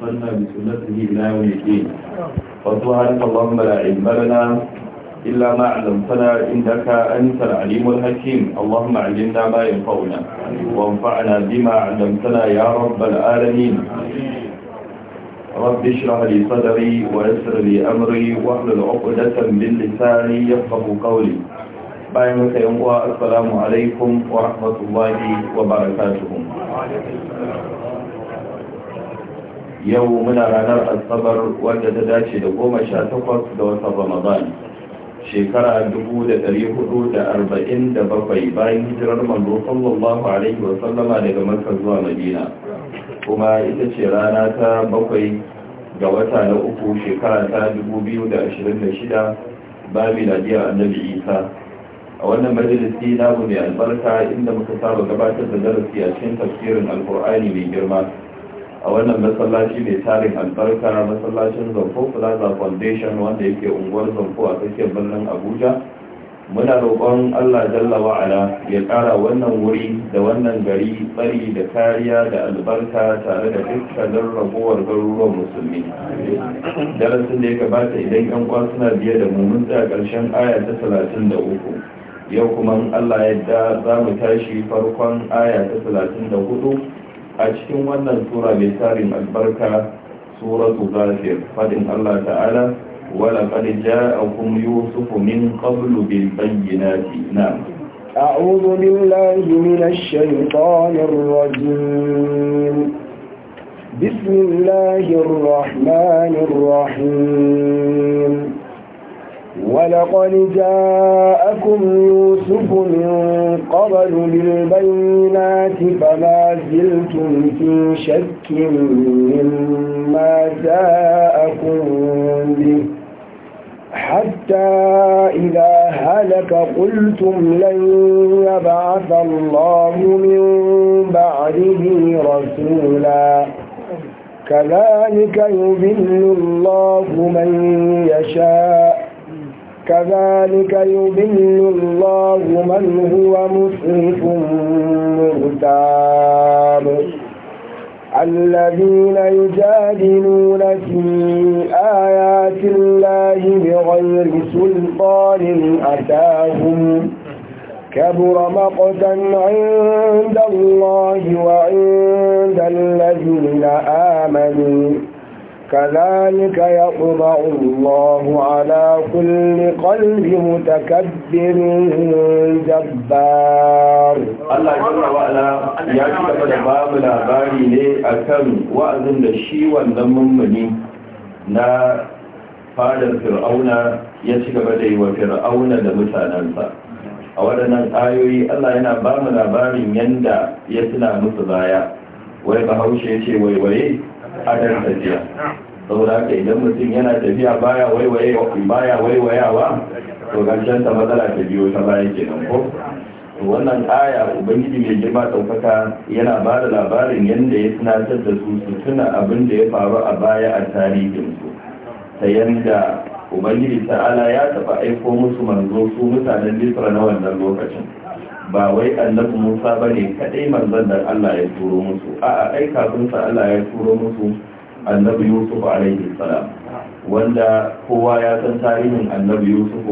وصلنا بسنته إلى يوم الدين اللهم لا علم لنا إلا ما علمتنا إنك أنت العليم الحكيم اللهم علمنا ما ينفعنا وانفعنا بما علمتنا يا رب العالمين رب اشرح لي صدري ويسر لي أمري واحلل عقدة من لساني يفقه قولي بايم السلام عليكم ورحمة الله وبركاته yau muna ranar asabar wadda ta dace da goma sha takwas ga wata ramadan shekara dubu da ɗari hudu da arba'in da bakwai bayan hijirar manzo sallallahu alaihi wa sallama daga makka zuwa madina kuma ita ce rana ta bakwai ga wata na uku shekara ta dubu biyu da ashirin da shida ba annabi isa a wannan majalisi namu mai albarka inda muka saba gabatar da darasi a cikin tafsirin alkur'ani mai girma a wannan masallaci mai tarin albarka masallacin zamfo plaza foundation wanda yake unguwar zamfo a tsakiyar birnin abuja muna roƙon allah jalla wa'ala ya ƙara wannan wuri da wannan gari tsari da kariya da albarka tare da dukkanin ragowar garuruwan musulmi darasin da ya gabata idan yan kwan suna biye da mu mun tsaya ƙarshen aya ta talatin da uku yau kuma allah yadda za mu tashi farkon aya ta talatin da hudu a cikin wannan sura mai tarin albarka suratu ghafir fadin Allah ta'ala wala qad ja'akum yusufu min qablu bil bayyinati na'am a'udhu billahi minash shaitanir rajim بسم الله الرحمن الرحيم ولقد جاءكم يوسف من قبل بالبينات الآيات فما زلتم في شك مما جاءكم به حتى إذا هلك قلتم لن يبعث الله من بعده رسولا كذلك يذل الله من يشاء كذلك يضل الله من هو مسرف مرتاب الذين يجادلون في آيات الله بغير سلطان أتاهم كبر مقتا عند الله وعند الذين آمنوا كذلك يطبع الله على كل قلب متكبر جبار الله جل وعلا يا كتاب باب labari ne akan wa'azin da shi wannan mummuni na fadar fir'auna ya ci gaba da yi wa fir'auna da mutanensa a waɗannan ayoyi allah yana ba mu labarin yadda ya tuna musu baya wai bahaushe ya ce waiwaye adon tafiya saboda haka idan mutum yana tafiya baya waiwayawa to ganshen ta matsala ta biyo ta baya kenan ko wannan aya ubangiji mai girma ɗaukaka yana ba da labarin yadda ya tunatar da su su tuna abin da ya faru a baya a tarihin su ta yadda ubangiji ta'ala ya taɓa aiko musu manzo su mutanen bisra na wannan lokacin ba wai annabi musa bane ne kaɗai manzan da allah ya turo musu a'a ai kafin sa allah ya turo musu annabi yusuf alaihi salam wanda kowa ya san tarihin annabi yusuf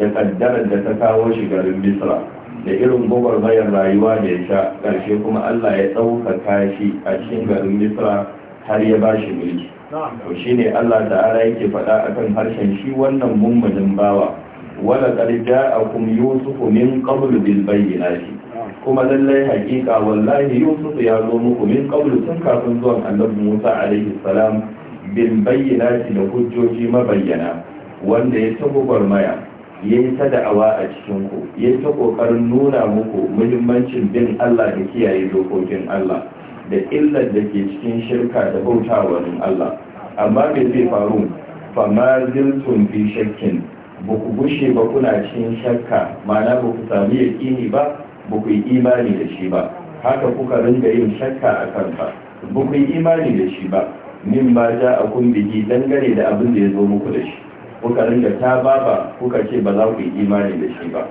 da kaddarar da ta kawo shi garin misra da irin gwagwarmayar rayuwa da ya sha karshe kuma allah ya ɗaukaka shi a cikin garin misra har ya ba shi mulki to shine allah ta'ala yake faɗa akan harshen shi wannan mummunin bawa wala ƙarja a kun yusufu min ƙablu bil bayyana kuma lallai haƙiƙa wallahi yusufu ya zo muku min ƙablu tun kafin zuwan annabi musa alaihi salam bil bayyana da hujjoji mabayyana wanda ya ta gwagwarmaya ya yi ta da'awa a cikinku ya ta ƙoƙarin nuna muku muhimmancin bin allah da kiyaye dokokin allah da illar da ke cikin shirka da bautawa Allah amma bai zai faru fa ma fi shakkin ba ku bushe ba kuna cikin shakka ma'ana ba ku sami yaƙini ba ba ku yi imani da shi ba haka kuka ringa yin shakka a kanta ba ku yi imani da shi ba min ba ja a kun dangane da abin da ya zo muku da shi kuka ringa ta baba kuka ce ba za ku yi imani da shi ba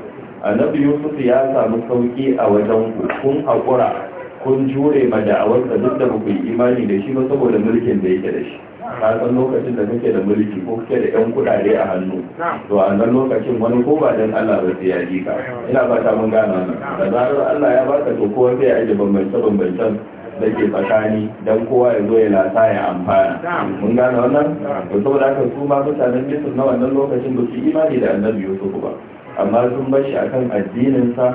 annabi yusuf ya samu sauki a wajen ku kun haƙura kun jure ma da'awarsa duk da ku imani da shi ba saboda mulkin da yake da shi ka san lokacin da kake da mulki ko kake da yan kudade a hannu to a nan lokacin wani ko ba dan Allah ba sai ya ka ina ba ta mun gana nan da zarar Allah ya baka to kowa sai ya aje bambance bambancen da ke tsakani don kowa ya zo ya lasa ya amfana mun gane wannan to saboda haka su ma mutanen Misir na wannan lokacin ba su imani da Annabi Yusuf ba amma sun bar shi akan addininsa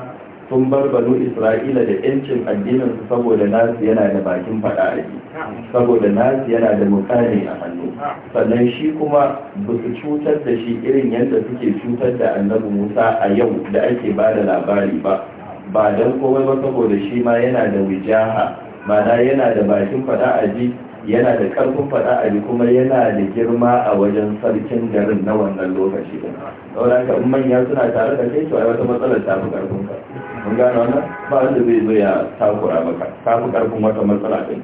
sun bar banu isra'ila da yancin addinin su saboda nasu yana da bakin fada a saboda nasu yana da mukami a hannu sannan shi kuma ba su cutar da shi irin yadda suke cutar da annabi musa a yau da ake ba da labari ba ba don komai ba saboda shi ma yana da wijaha ma'ana yana da bakin faɗa a yana da karfin fada a kuma yana da girma a wajen sarkin garin na wannan lokaci da ka in manya suna tare da kai to ai wata matsalar ta fi karfin ka mun gano wannan ba wanda zai zo ya takura maka ta fi karfin wata matsala din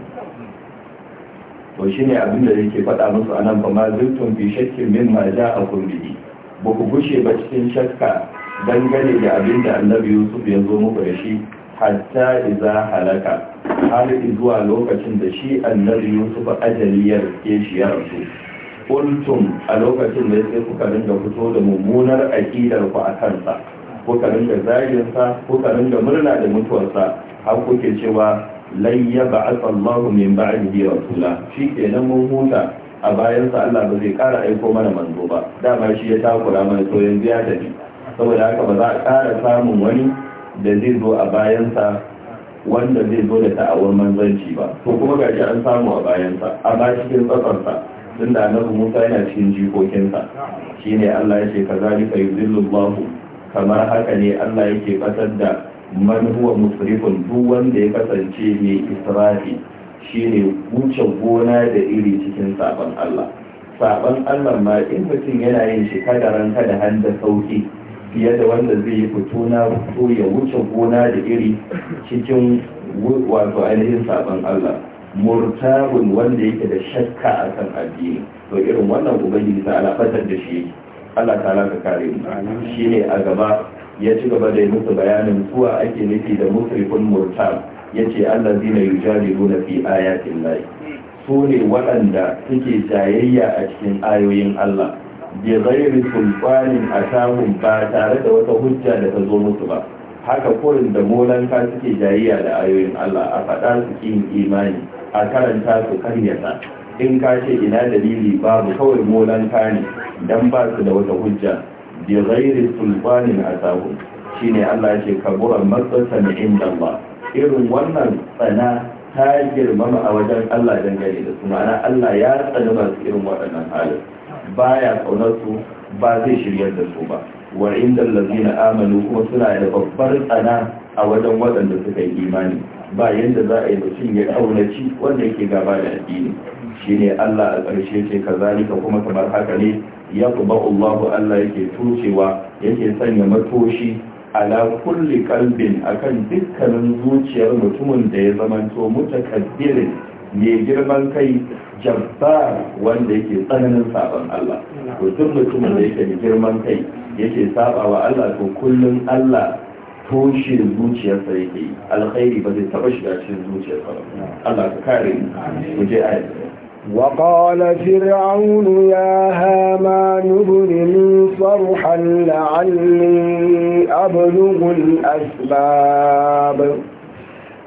to shine abin da yake faɗa musu anan ba ma zuntun bi shakkin min ma a kulli ba ku gushe ba cikin shakka dangane da abin da annabi yusuf ya zo muku da shi hatta iza halaka har zuwa lokacin da shi annabi yusuf ajali ya riske shi ya rasu kultum a lokacin da sai kuka ringa fito da mummunar aƙidar ku a kansa kuka ringa zaginsa kuka ringa murna da mutuwarsa har kuke cewa lai ya ba'atha Allah min ba'dihi rasula shi kenan mun huta a bayan sa Allah ba zai kara aiko mana manzo ba dama shi ya takura mana to yanzu ya tafi saboda haka ba za a kara samun wani da zai zo a bayansa wanda zai zo da ta'awar manzanci ba to kuma gashi an samu a bayansa a ba cikin tsafarsa tun da annabi musa yana cikin jikokinsa shine allah ya ce ka zalika yuzillu allahu kamar haka ne allah yake batar da man huwa musrifun duk wanda ya kasance mai israfi shine wuce gona da iri cikin sabon allah sabon allah ma in mutum yana yin shi ranka da har da sauki fiye da wanda zai yi fito na fito ya wuce gona da iri cikin wato ainihin sabon Allah murtabun wanda yake da shakka a kan addini to irin wannan ubangiji ta alafatar da shi Allah ta laka kare mu shi ne a gaba ya ci gaba da yi musu bayanin kuwa ake nufi da musrifun murtab ya ce Allah zina na fi ayatin lai su ne waɗanda suke jayayya a cikin ayoyin Allah bi ghairi sulfanin atahum ba tare da wata hujja da ta zo musu ba haka kurin da molanka suke jayayya da ayoyin Allah a faɗa su kin imani a karanta su karyata in ka ce ina dalili babu kawai molanka ne dan ba su da wata hujja bi ghairi sulfanin atahum shine Allah ce kaburan matsatan inda Allah irin wannan tsana ta girmama a wajen Allah dangane da su ma'ana Allah ya tsani masu irin waɗannan halin baya kaunar su ba zai shiryar da su ba wa inda allazina amanu kuma suna da babbar tsana a wajen waɗanda suka yi imani ba yadda za a yi mutum ya kaunaci wanda yake gaba da addini ne Allah a ƙarshe ce kazalika kuma kamar haka ne ya ba Allahu Allah yake tucewa yake sanya matoshi ala kulli kalbin akan dukkanin zuciyar mutumin da ya zamanto mutakaddirin mai girman kai jabbar wanda yake tsananin saban Allah to duk mutumin da yake girman kai yake saba wa Allah to kullum Allah toshe zuciyarsa yake yi alkhairi ba zai taba shiga cikin zuciyarsa ba Allah ka kare mu mu je ayat وقال فرعون يا هامان ابن لي صرحا لعلي أبلغ الأسباب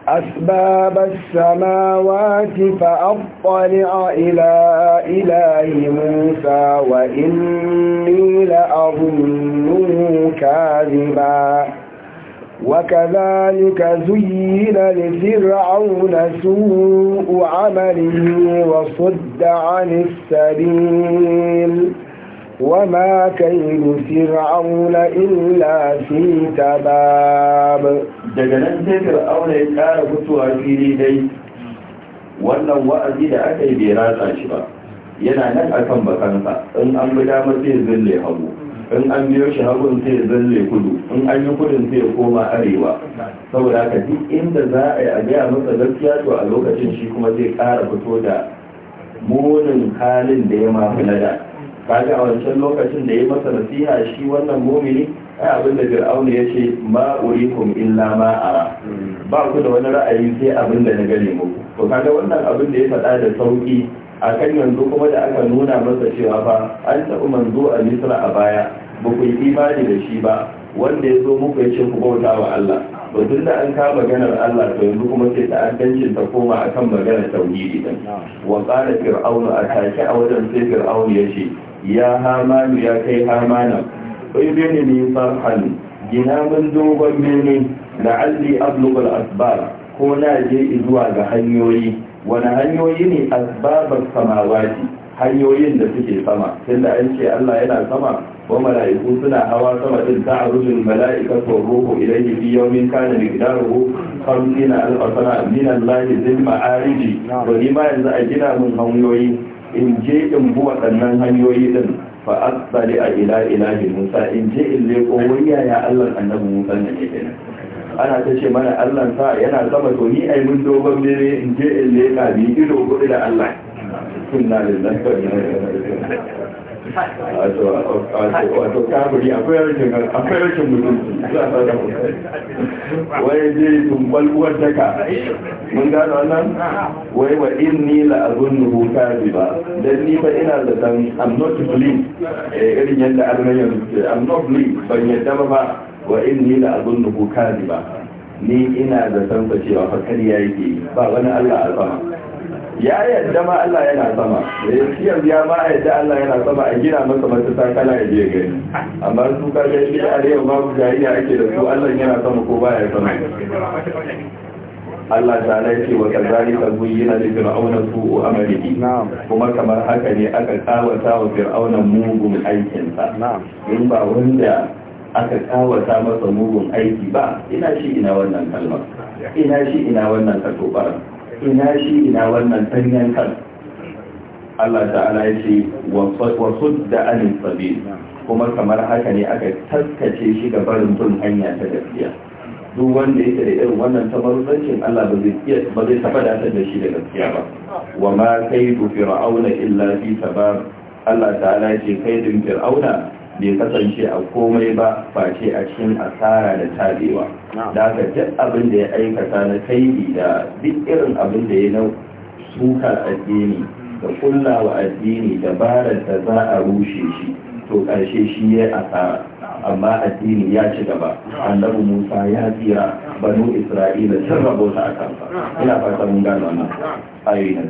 أسباب السماوات فأطلع إلى إله موسى وإني لأظنه كاذبا وكذلك زين لفرعون سوء عمله وصد عن السبيل وما كيد فرعون إلا في تباب دجنان ذكر أولا يتعالى فتوى في ليدي wannan wa'azi da aka yi bai ratsa shi ba yana nan akan bakansa in an bi damar sai zille hagu in an biyo shi hagun sai zille kudu in an yi kudin sai koma arewa saboda haka duk inda za a yi a gaya masa gaskiya to a lokacin shi kuma zai kara fito da munin halin da ya mafi nada Kaji a wancan lokacin da ya masa nasiha shi wannan mumini ai abin da fir'auna ya ce ma urikum illa ma ara ba ku da wani ra'ayi sai abin da na gane muku to kaga wannan abin da ya faɗa da sauki a kan yanzu kuma da aka nuna masa cewa fa an taɓa manzo a misra a baya ba ku yi imani da shi ba wanda ya zo muku ya ce ku bauta wa Allah to tun da an kama maganar Allah to yanzu kuma sai ta addancin ta koma akan maganar tauhidi din wa qala fir'aunu ataki a wajen sai fir'aunu ya ce ya hamanu ya kai hamana ibini ne farhan gina min dogon birni alli ablugul asbab ko na je zuwa ga hanyoyi wani hanyoyi ne asbabar samawati hanyoyin da suke sama tunda an ce Allah yana sama wa mala'iku suna hawa sama din ta arujul mala'ika wa ruhu ilayhi bi yawmin kana miqdaruhu 50 alf sana min Allah zil ma'ariji to ma yanzu a gina mun hanyoyi in je in bi waɗannan hanyoyi din fa asali a ila ilahi musa in je in leƙo wani yaya allah annabi musa ne ke ana ta ce mana allah sa yana sama to ni ai mun dogon bere in je in leƙa bi ido gudu da allah sunna lillahi wa wato kaburi akwai rashin akwai rashin mutunci za ta da wai je tumbal uwar daka mun gano wannan wai wa in ni la azunnuhu ba. dan ni ba ina da san i'm not believe eh irin yanda Allah ya i'm not believe ban yadda ba wa in ni la azunnuhu ba. ni ina da san cewa fa kariya yake ba wani Allah alfahma ya yadda ma Allah yana sama da ya ya ma yadda Allah yana sama a gina masa masu takala ya je gani amma su ka ga shi a rewa ma jahiliya ake da su Allah yana sama ko ba ya sama Allah ta ce wa kazalika buyyina li fir'auna su'u amaliki kuma kamar haka ne aka kawata wa fir'auna mugun aikinsa in ba wanda aka kawata masa mugun aiki ba ina shi ina wannan kalmar ina shi ina wannan kalmar ina shi ina wannan sanyan kan Allah ta'ala ya ce wasu da anin sabi kuma kamar haka ne aka taskace shi ga barin bin hanya ta gaskiya duk wanda yake da irin wannan tabarzancin Allah ba zai ba zai taba datar da shi da gaskiya ba wa ma kaidu fir'auna illa fi sabar Allah ta'ala ya ce kaidun fir'auna bai kasance a komai ba face a cikin asara da tabewa da haka duk abin da ya aikata na kaidi da duk irin abin da ya na sukar addini da kullawa addini dabarar da za a rushe shi to ƙarshe shi ya asara amma addini ya ci gaba annabi musa ya tsira banu isra'ila sun rabota a kansa ina fata mun gano nan. ayoyi na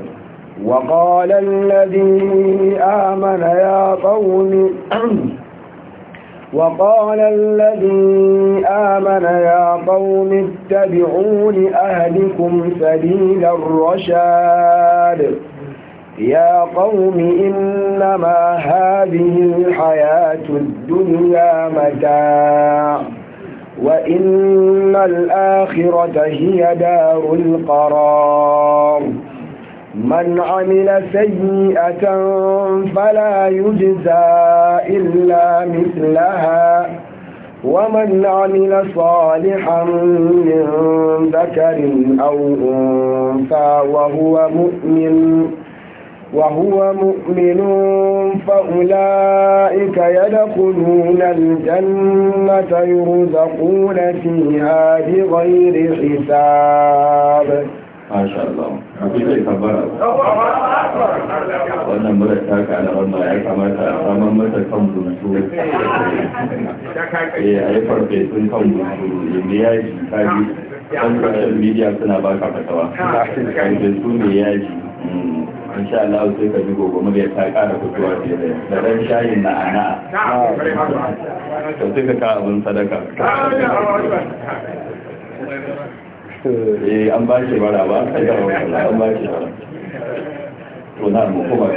وقال الذي آمن يا قوم وقال الذي آمن يا قوم اتبعون أهلكم سبيل الرشاد يا قوم إنما هذه الحياة الدنيا متاع وإن الآخرة هي دار القرار من عمل سيئة فلا يجزى إلا مثلها ومن عمل صالحا من ذكر أو أنثى وهو مؤمن وهو مؤمن فأولئك يدخلون الجنة يرزقون فيها بغير حساب ما شاء الله wannan mura ta kada wannan ya kamata a saman mata kan buntu ya eh, yi farfe sun kan buntu eh, ya ji kaji kan social media suna ba ka fatawa farfe su ne yaji hmm. sha Allah sai ka ji gobe mura ta kara fitowa ke da da dan shayin na ana to sai ka ka abun sadaka eh an ba shi bara ba an ba shi to na mu kuma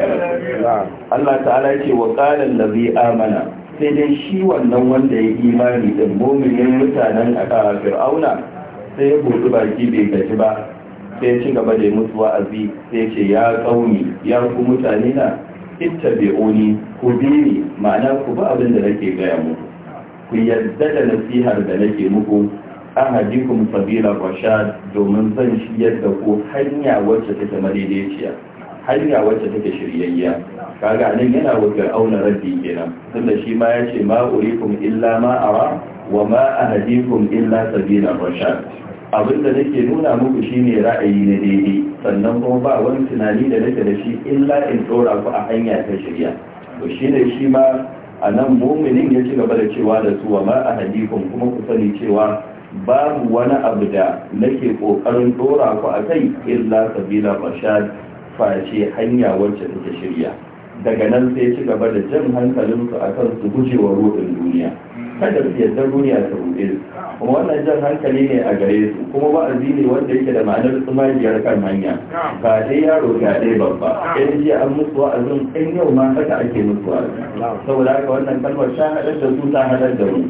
Allah ta'ala yake wa qala allazi amana sai dai shi wannan wanda ya imani da mu'minin mutanen aka fir'auna sai ya buɗi baki bai gaji ba sai ci gaba da musu wa'azi sai ce ya kauni ya ku mutane na ittabi'uni ku bi ni ma'ana ku ba abin da nake gaya muku ku yarda da nasihar da nake muku ahadikum sabila rashad domin zan shiryar da ku hanya wacce take madaidaiciya hanya wacce take shiryayya kaga anan yana wa auna raddi kenan tunda shi ma yace ma urikum illa ma ara wa ma ahadikum illa sabila rashad abinda nake nuna muku shine ra'ayi na daidai sannan kuma ba wani tunani da nake da shi illa in dora ku a hanya ta shirya to shine shi ma a nan muminin ya ci gaba da cewa da su wa ma ahadikum kuma ku sani cewa babu wani abu da nake kokarin dora ku a kai illa sabila fashad face hanya wacce take shirya daga nan sai ci gaba da jan hankalinsu akan su gujewa ruɗin duniya kada su yadda duniya ta ruɗe su kuma wannan jan hankali ne a gare su kuma wa'azi ne wanda yake da ma'anar su majiyar kan hanya ba dai yaro ga dai babba in jiya an mutu wa'azin in yau ma haka ake mutuwa wa'azi saboda haka wannan kalmar ta haɗar da su ta haɗar da mu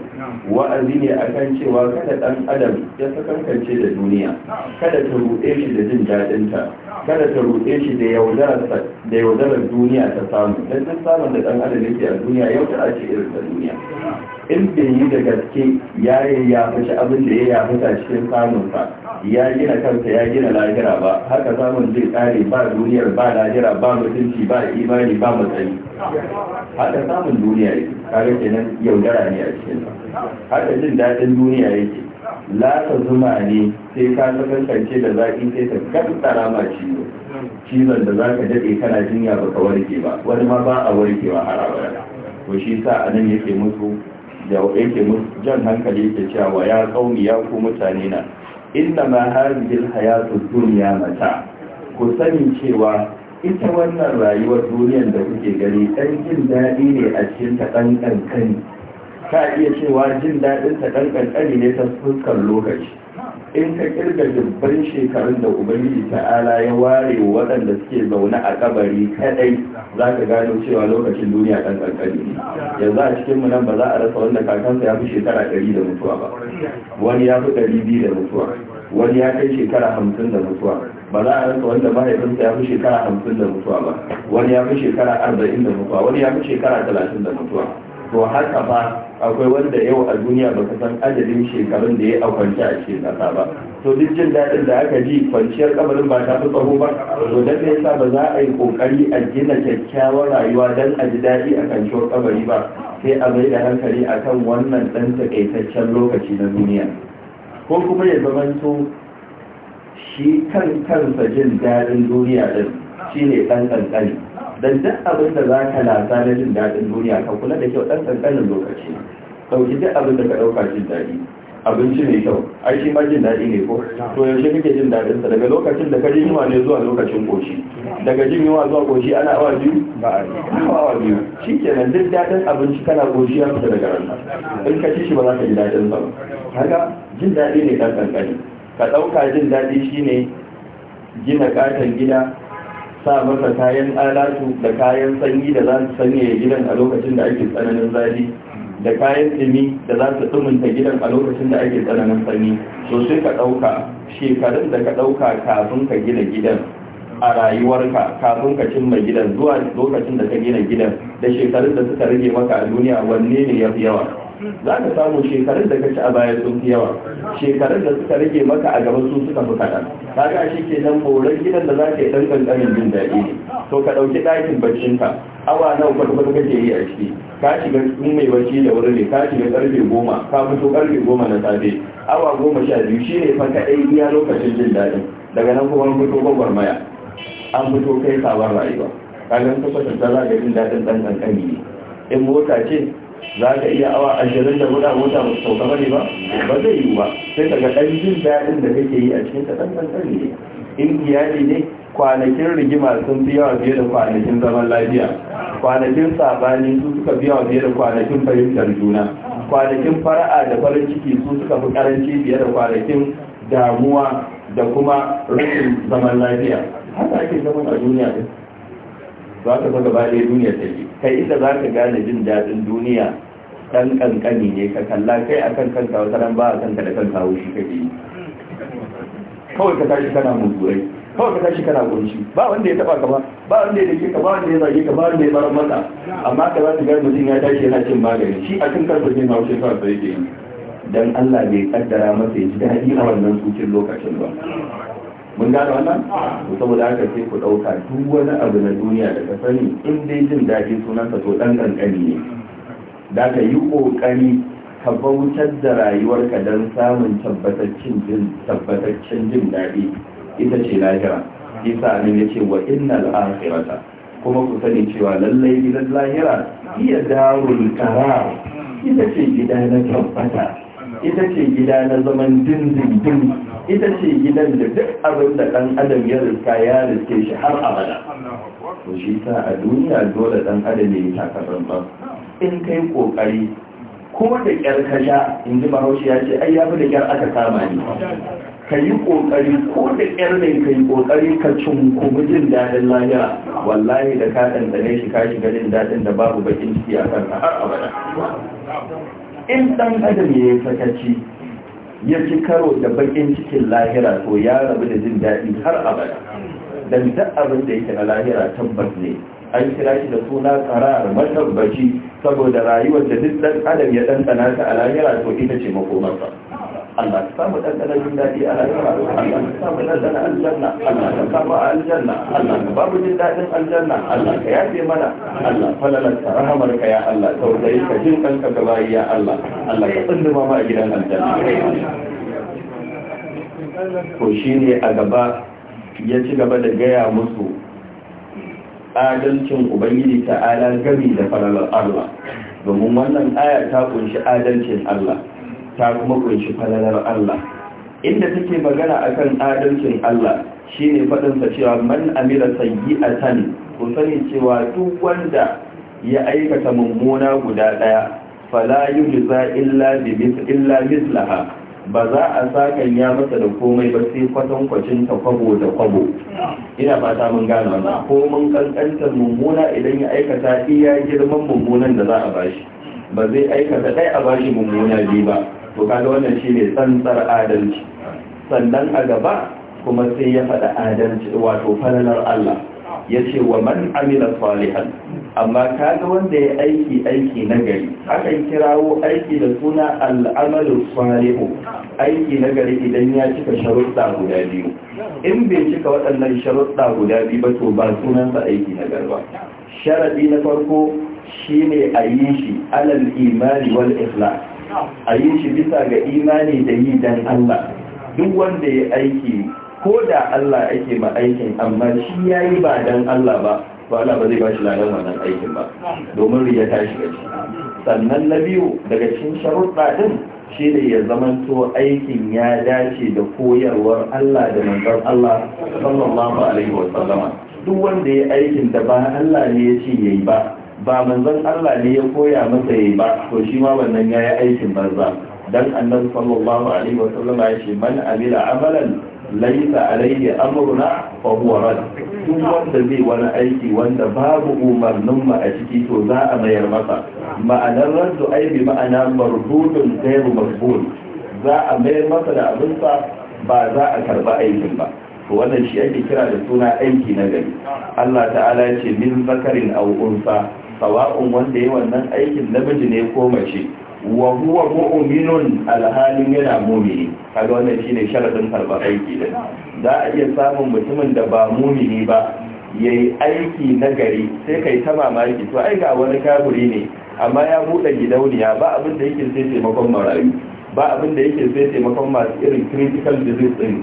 wa'azi ne akan cewa kada ɗan adam ya sakankance da duniya kada ta buɗe shi da jin daɗinta kada ta rute shi da yaudarar duniya ta samu don ta samun da ɗan adam yake a duniya ta ce irin ta duniya in da yi da gaske ya yi ya fashi abin da ya ya fita cikin samunsa ya gina kansa ya gina lahira ba haka samun zai ƙare ba duniyar ba lahira ba mutunci ba imani ba matsayi haka samun duniya yake kaga kenan yaudara ne a cikin haka jin daɗin duniya yake la ta zuma ne sai ka kasance da zaki sai ta kantsara ma ciwo cizon da za ka daɗe kana jinya ba ka warke ba wani ma ba a warkewa har abada to shi sa a nan yake musu da yake musu jan hankali yake cewa ya kauni ya ku mutane na inna ma hadhihi hayatu duniya mata ku sani cewa ita wannan rayuwar duniyar da kuke gani ɗan jin daɗi ne a cikin ta ɗan ƙanƙani ka iya cewa jin daɗin ta ɗan ƙanƙani ne ta fuskar lokaci in ka ƙirga dubban shekarun da ubangiji ta'ala ya ware waɗanda suke zaune a kabari kaɗai za ka gano cewa lokacin duniya ɗan ƙanƙani ne yanzu a cikin mu nan ba za a rasa wanda kakansa ya fi shekara ɗari da mutuwa ba wani ya fi ɗari biyu da mutuwa wani ya kai shekara hamsin da mutuwa ba za a rasa wanda mahaifinsa ya fi shekara hamsin da mutuwa ba wani ya fi shekara arba'in da mutuwa wani ya fi shekara talatin da mutuwa to haka ba akwai wanda yau a duniya baka san adadin shekarun da ya a kwance a cikin ƙasa ba to duk jin daɗin da aka ji kwanciyar kabarin ba ta fi tsaho ba to da ta yasa ba za a yi kokari a gina kyakkyawar rayuwa dan a ji daɗi a kwanciyar kabari ba sai a mai da hankali akan wannan ɗan takaitaccen lokaci na duniya ko kuma ya zamanto shi kan kansa jin daɗin duniya din? shine ɗan ɗanɗani. don duk abin da za ka lasa na jin daɗin duniya ka kula da kyau ɗan ƙanƙanin lokaci ɗauki duk abin da ka ɗauka jin daɗi abinci mai kyau ai shi ma jin daɗi ne ko to yaushe kake jin daɗin sa daga lokacin da ka ji yunwa ne zuwa lokacin koshi daga jin yunwa zuwa koshi ana awa biyu ba awa biyu shi kenan duk daɗin abinci kana koshi ya fita daga ranka in ka ci shi ba za ka ji daɗin sa ba haka jin daɗi ne ɗan ƙanƙani ka ɗauka jin daɗi shine gina ƙaton gida sa masa kayan alatu da kayan sanyi da za su sanyaya gidan a lokacin da ake tsananin zafi da kayan dumi da za su tsumunta gidan a lokacin da ake tsananin sanyi so sai ka ɗauka shekarun da ka ɗauka kafin ka gina gidan a rayuwarka kafin ka cimma gidan zuwa lokacin da ka gina gidan da shekarun da suka rage maka a duniya wanne ne ya fi yawa za ka samu shekarun da kaci a baya sun fi yawa shekarun da suka rage maka a gaban su suka fi kaɗan ga shi ke nan boran gidan da za ka yi ɗan ƙanƙanin jin daɗi ne to ka ɗauki ɗakin ka. awa nawa kwatkwata kake yi a ciki ka shiga in mai bacci da wuri ne ka shiga ƙarfe goma ka fito ƙarfe goma na safe awa goma sha biyu shi ne fanka ɗaya lokacin jin daɗin daga nan kuma fito gwagwarmaya an fito kai sabon rayuwa Ka ta kwatanta za ka jin daɗin ɗan ƙanƙani ne in mota ce za ka iya awa ashirin da guda wuta ba sauka ba ne ba ba zai yi ba sai ka ga ɗan jin daɗin da kake yi a cikin ka ɗan ɗan ne in iyali ne kwanakin rigima sun fi yawa fiye da kwanakin zaman lafiya kwanakin sabani su suka fi yawa fiye da kwanakin fahimtar juna kwanakin fara'a da farin ciki su suka fi karanci fiye da kwanakin damuwa da kuma rashin zaman lafiya haka ake zaman a duniya ne za ka saka ba ɗaya duniya ta yi kai ita za ka gane jin daɗin duniya ɗan ƙanƙani ne ka kalla kai a kan kanta wata ran ba a kanka da kanka shi kake yi kawai ka tashi kana mutuwai kawai ka tashi kana kunci ba wanda ya taɓa ka ba ba wanda ya dake ka ba wanda ya zage ka ba wanda ya bar mata amma ka za ka gane mutum ya tashi yana cin magani shi a kan kanta ne haushi kawai sai yake yi dan Allah bai kaddara masa ya ji daɗi a wannan tsukin lokacin ba mun gano wannan saboda haka sai ku ɗauka duk wani abu na duniya da ka sani in dai jin daɗi sunansa to ɗan ƙanƙani ne da ka yi ƙoƙari ka bautar da rayuwarka don samun tabbataccen jin tabbataccen jin daɗi ita ce lahira isa ne ya ce wa innal akhirata kuma ku sani cewa lallai gidan lahira iya darul qarar ita ce gida na tabbata ita ce gida na zaman dindindin ita ce gidan da duk abin da ɗan adam ya riska ya riske shi har abada to shi sa a duniya dole ɗan adam ya yi takarar in kai kokari ko da kyar ka sha in ji bahaushe ya ce ai ya fi da kyar aka kama ni ka yi kokari ko da ƙyar ne ka yi kokari ka kuma jin daɗin lahira wallahi da ka ɗanɗane shi ka shiga jin daɗin da babu bakin ciki a kanka har abada in ɗan adam ya yi sakaci ya ci karo da bakin cikin lahira to ya rabu da jin daɗi har abada don duk abin da yake na lahira tabbas ne an kira shi da suna karar matabbaci saboda rayuwar da duk ɗan adam ya ɗanɗana ta a lahira to ita ce makomarsa Allah ka samu ɗanɗana daɗi a Allah ka samu ɗanɗana Allah ka Allah daɗin Allah mana Allah falalarta ka ya Allah Ta wajen ka jin gaba ya Allah Allah ka tsundu ma ma gidan aljanna. Ko shi ne a gaba ya ci gaba da gaya musu adalcin Ubangiji ta'ala gami da falalar Allah domin wannan aya ta kunshi adalcin Allah. ta kuma kunshi falalar Allah inda take magana akan adalcin Allah shine fadin sa cewa man amira sayyi'atan ku sani cewa duk wanda ya aikata mummuna guda daya fala yujza illa bi illa mislaha ba za a sakan ya masa da komai ba sai kwatankwacin ta kwabo da kwabo ina fata mun gane wannan ko mun kankantar mummuna idan ya aikata iya girman mummunan da za a bashi ba zai aikata dai a bashi mummuna biyu ba to kaga wannan ne tsantsar adalci sannan a gaba kuma sai ya faɗa adalci wato falalar Allah ya ce wa man Amina salihan amma kaga wanda ya aiki aiki na gari akan kirawo aiki da suna al'amalu salihu aiki na gari idan ya cika sharuɗa guda biyu in bai cika waɗannan sharuɗa guda biyu ba to ba sunansa aiki na gari ba sharaɗi na farko shine a yi shi alal imani wal ikhlas a yi shi bisa ga imani da yi dan Allah duk wanda ya aiki ko da Allah ake ma aikin amma shi ya yi ba dan Allah ba ba Allah ba zai ba shi ladan wannan aikin ba domin riya ta shiga shi. sannan na biyu daga cikin sharuɗa din shi ne ya zamanto aikin ya dace da koyarwar Allah da manzon Allah sallallahu alaihi wa sallama duk wanda ya aikin da ba Allah ne ya ce yayi ba ba manzon Allah ne ya koya masa yi ba to shi ma wannan yi aikin banza dan annabi sallallahu alaihi wasallam ya ce man amila amalan laysa alaihi amruna fa huwa rad duk wanda zai wani aiki wanda babu umarnin mu a ciki to za a mayar masa ma'anar raddu ai bi ma'ana marbutun ghairu maqbul za a mayar masa da abinsa ba za a karba aikin ba to wannan shi ake kira da suna aiki na gari Allah ta'ala ya ce min zakarin aw unsa sawa'un wanda ya wannan aikin namiji ne ko mace wa huwa mu'minun alhalin yana mumini kaga wannan shine sharadin karbar aiki din za a iya samun mutumin da ba mumini ba yayi aiki na gari sai kai ta mamaki to ai ga wani kafiri ne amma ya bude gidauniya ba abin da yake sai taimakon marayu ba abin da yake sai taimakon masu irin critical disease din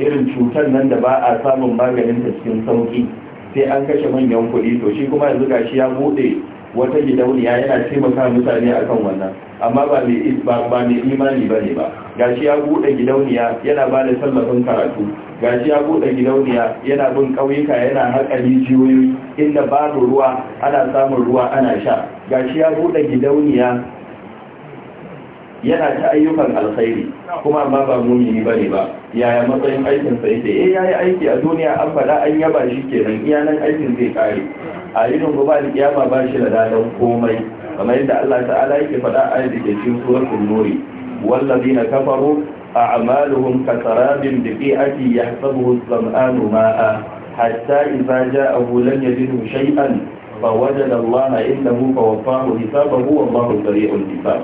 irin cutar nan da ba a samun maganin ta cikin sauki sai an kashe manyan kuɗi to shi kuma yanzu gashi ya buɗe wata gidauniya yana taimaka mutane a kan wannan amma ba mai imani ba ne ba gashi ya buɗe gidauniya yana ba da tallafin karatu gashi ya buɗe gidauniya yana bin ƙauyuka yana haƙa rijiyoyi inda babu ruwa ana samun ruwa ana sha gashi ya buɗe gidauniya yana ta ayyukan alkhairi kuma amma ba mumini bane ba yaya matsayin aikin sa yake eh yayi aiki a duniya an fada an yaba shi kenan iya nan aikin zai kare a irin gobe da kiyama ba shi da dadan komai kamar yadda Allah ta'ala yake fada a yadda ke cikin suratul nuri wallazina kafaru a'maluhum kasarabin biqi'ati yahsabuhu az-zam'anu ma'a hatta idza ja'ahu lam yajidhu shay'an فوجد الله إنه فوفاه حسابه والله سريع الحساب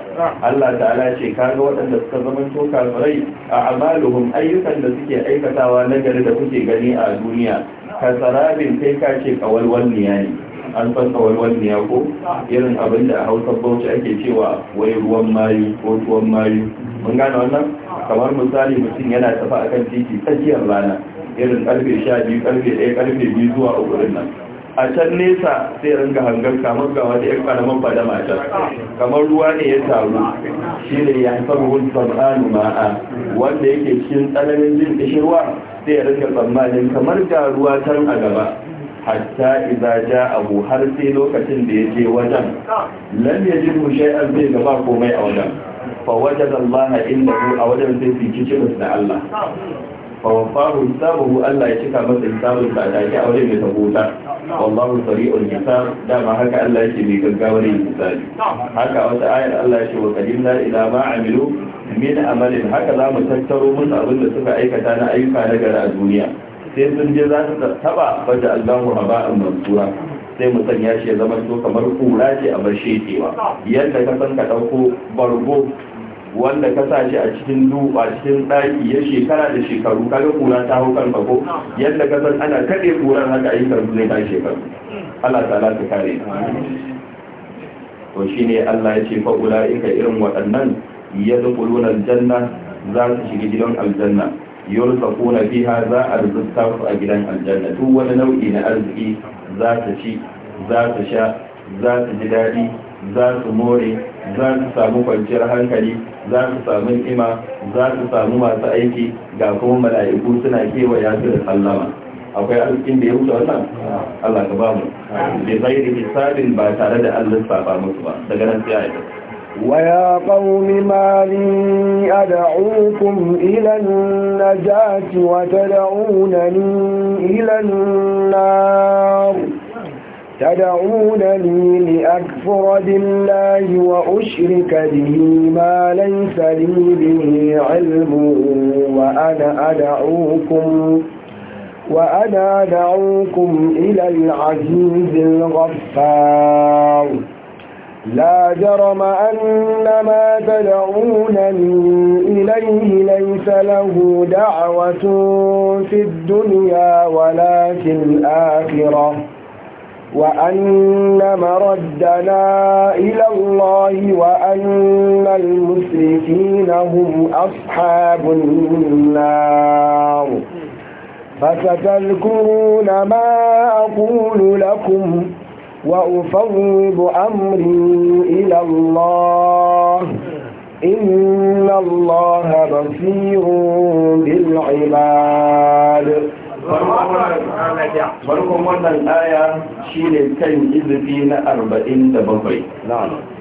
الله تعالى ce kaga waɗanda suka zamanto kafirai a amaluhum ayyukan da suke aikatawa na gari da kuke gani a duniya kasarabin kai ka ce kawalwalniya ne an san kawalwalniya ko irin abinda a hausar bauchi ake cewa wai ruwan mayu ko tuwon mayu mun gane wannan kamar misali mutum yana tafa akan titi tsakiyar rana irin karfe sha biyu karfe ɗaya karfe biyu zuwa uku nan a can nesa sai ringa hangar kamar ga wani yan karamin fada mata kamar ruwa ne ya taru shi ne ya haifar wun tsammanu ma'a wanda yake cikin tsananin jin ƙishirwa sai ya ringa tsammanin kamar ga ruwa can a gaba hatta iza ja abu har sai lokacin da ya je wajen lam ya ji an zai gaba komai a wajen fa wajen Allah inda a wajen sai fi kicin da Allah fa wafahu hisabahu Allah ya cika masa hisabun sa da a wajen mai tabuta wallahu sari'ul hisab dama haka Allah yake mai gaggawa ne hisabi haka wata ayar Allah ya ce wa qadimna ila ma amalin haka za mu tattaro musu abin da suka aikata na ayyuka na gari a duniya sai sun je za su taba bada Allahu haba'an mansura sai mu sanya shi ya zama to kamar kura ce a bar shekewa yadda ka san ka dauko bargo wanda ka sa shi a cikin du a cikin ɗaki ya shekara da shekaru kaga kura ta hau kan ko yadda ka san ana kaɗe kuran haka ayi karbu zai ta shekaru Allah ta'ala ta kare to ne Allah ya ce faula ika irin waɗannan yadkhuluna janna za su shiga gidan aljanna yurzaquna fiha za a rizqta su a gidan aljanna duk wani nau'i na arziki za ta ci za ta sha za ta ji daɗi za su more za su samu kwanciyar hankali za su samu ima za su samu masu aiki ga kuma mala'iku suna ya su da sallama akwai arzikin da ya wuce wannan Allah ka ba mu da da hisabin ba tare da an lissafa musu ba daga nan sai ayi ويا قوم ما لي أدعوكم إلى النجاة وتدعونني إلى النار تدعونني لأكفر بالله وأشرك به ما ليس لي به علم وأنا أدعوكم وأنا أدعوكم إلى العزيز الغفار لا جرم أن ما تدعونني إليه ليس له دعوة في الدنيا ولا في الآخرة وأن مردنا إلى الله وأن المسرفين هم أصحاب النار فستذكرون ما أقول لكم وأفوض أمري إلى الله إن الله بصير بالعباد farkon wannan aya shi ne kan izifi na arba'in da bakwai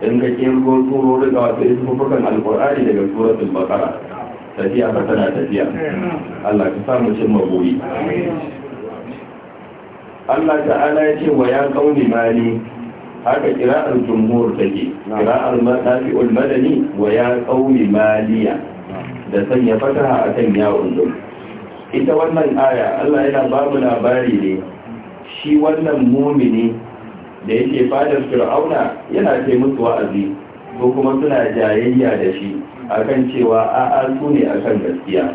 in ga kirgo turo daga wasu izufukan alkur'ani daga suratul bakara tafiya ba tana tafiya allah ka samu cin magoyi allah ta'ala ya ce wa ya kauni mali haka kira'ar jumhur take kira'ar matafi'ul madani wa ya kauni maliya da sanya fataha akan yawon jumhur ita wannan aya Allah yana ba mu labari ne shi wannan mumini da yake fadar fir'auna yana ce musu wa'azi ko kuma suna jayayya da shi akan cewa a'a su ne akan gaskiya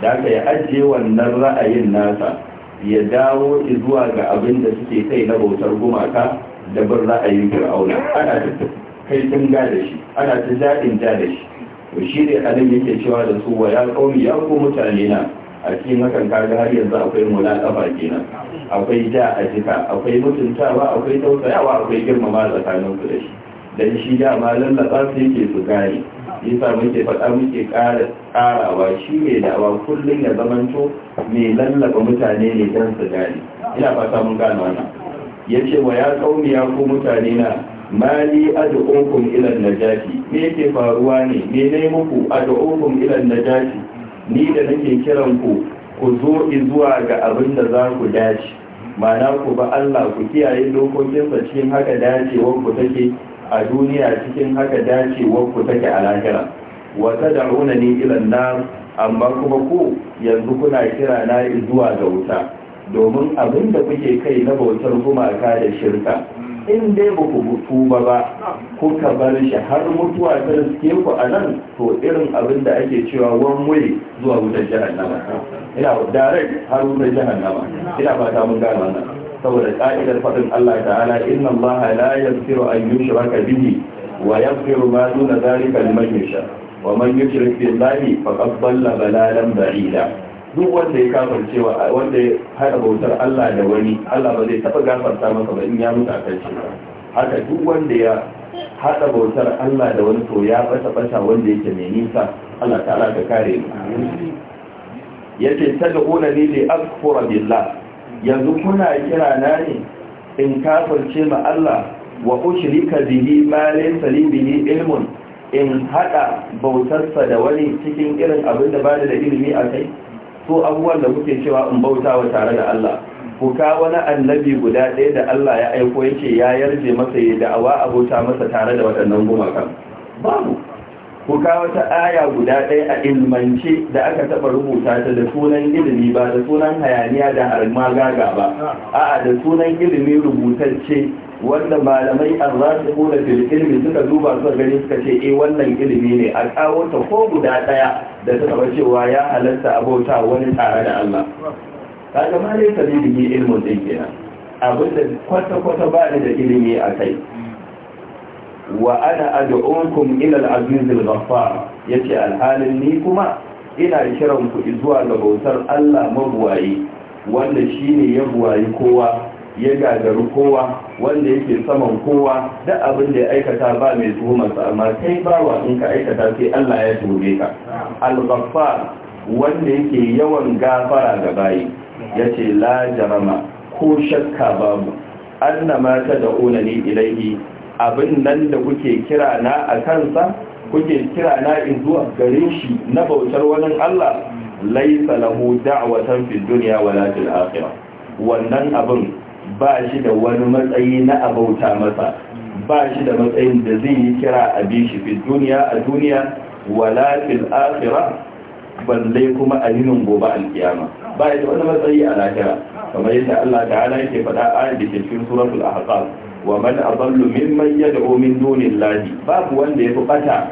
da aka yi ajiye wannan ra'ayin nasa ya dawo zuwa ga abin da suke kai na bautar gumaka da bin ra'ayin fir'auna ana ta kai tunga da shi ana ta jaɗin ja da shi to shi ne alin yake cewa da su wa ya ya ku mutane na a cikin hakan kaga har yanzu akwai mulakafa kenan akwai ja a jika akwai mutuntawa akwai tausayawa akwai girmama tsakanin su da shi dan shi ma lallaba su yake su gane yasa muke faɗa muke ƙarawa shi ne da wa kullum ya zamanto mai lallaba mutane ne dan su gane ina fata mun gane wannan ya ce wa ya kauni ya ku mutane na mali ad'ukum ila najati me yake faruwa ne me ne muku ad'ukum ila najati ni da nake kiran ku ku zo zuwa ga abin da za ku dace mana ku ba Allah ku kiyaye dokokinsa cikin haka dacewar ku take a duniya cikin haka dacewar ku take a lahira wa tad'una ni ila nar amma kuma ku yanzu kuna kira na zuwa ga wuta domin abin da kuke kai na bautar gumaka da shirka in dai ba ku butu ba ba kuka bar shi har mutuwa ta suke ku a nan to irin abin da ake cewa wan way zuwa wutar jahannama ina direct har wutar jahannama ina ba ta mun gano nan saboda ka'idar faɗin Allah ta'ala inna Allah la yaghfiru an yushraka bihi wa yaghfiru ma duna zalika liman yasha wa man yushrik billahi faqad dhalla dalalan ba'ida duk wanda ya kafirce cewa wanda ya haɗa bautar Allah da wani Allah ba zai taɓa gafarta masa ba in ya mutu a kan shi haka duk wanda ya haɗa bautar Allah da wani to ya bata bata wanda yake mai nisa Allah ta ka kare mu yace tad'una ne da akfura billah yanzu kuna kira na ne in kafarce ma Allah wa ushrika bihi ma laysa li bihi ilmun in bautar bautarsa da wani cikin irin abin da ba da ilimi a kai su abubuwan da muke cewa in bauta wa tare da Allah ku ka wani annabi guda ɗaya da Allah ya aiko yake ya yarje masa ya da'awa a bauta masa tare da waɗannan gumakan babu ku ka wata aya guda ɗaya a ilmance da aka taɓa rubuta ta da sunan ilimi ba da sunan hayaniya da Magaga ba a'a da sunan ilimi rubutacce wanda malamai an rasu kuna fil ilmi suka duba suka gani suka ce eh wannan ilimi ne a kawo ko guda daya da suka ba cewa ya halatta abota wani tare da Allah kaga ma ne da ilimin din Abin da kwata kwata ba da ilimi a kai wa ana ad'ukum ila al-aziz al-ghaffar yace alhalin ni kuma ina kiran ku zuwa ga bautar Allah mabuwayi wanda shine ya buwayi kowa ya gagaru kowa wanda yake saman kowa da abin da ya aikata ba mai tuhumarsa amma kai bawa in ka aikata sai Allah ya tuhume ka al-ghaffar wanda yake yawan gafara ga bayi yace la jarama ko shakka babu annama ta da ni ilaihi. abin nan da kuke kira na a kansa kuke kira na in zuwa gare shi na bautar wani Allah laisa lahu da'watan fid dunya wala fil akhirah wannan abin ba shi da wani matsayi na abauta masa ba shi da matsayin da zai yi kira a bishi fi duniya a duniya wala fil akhirah balle kuma a yinin gobe alkiyama ba shi da wani matsayi a lahira kamar yadda Allah ta'ala yake faɗa a da cikin suratul ahqaf wa man adallu mimman yad'u min dunillahi babu wanda ya bata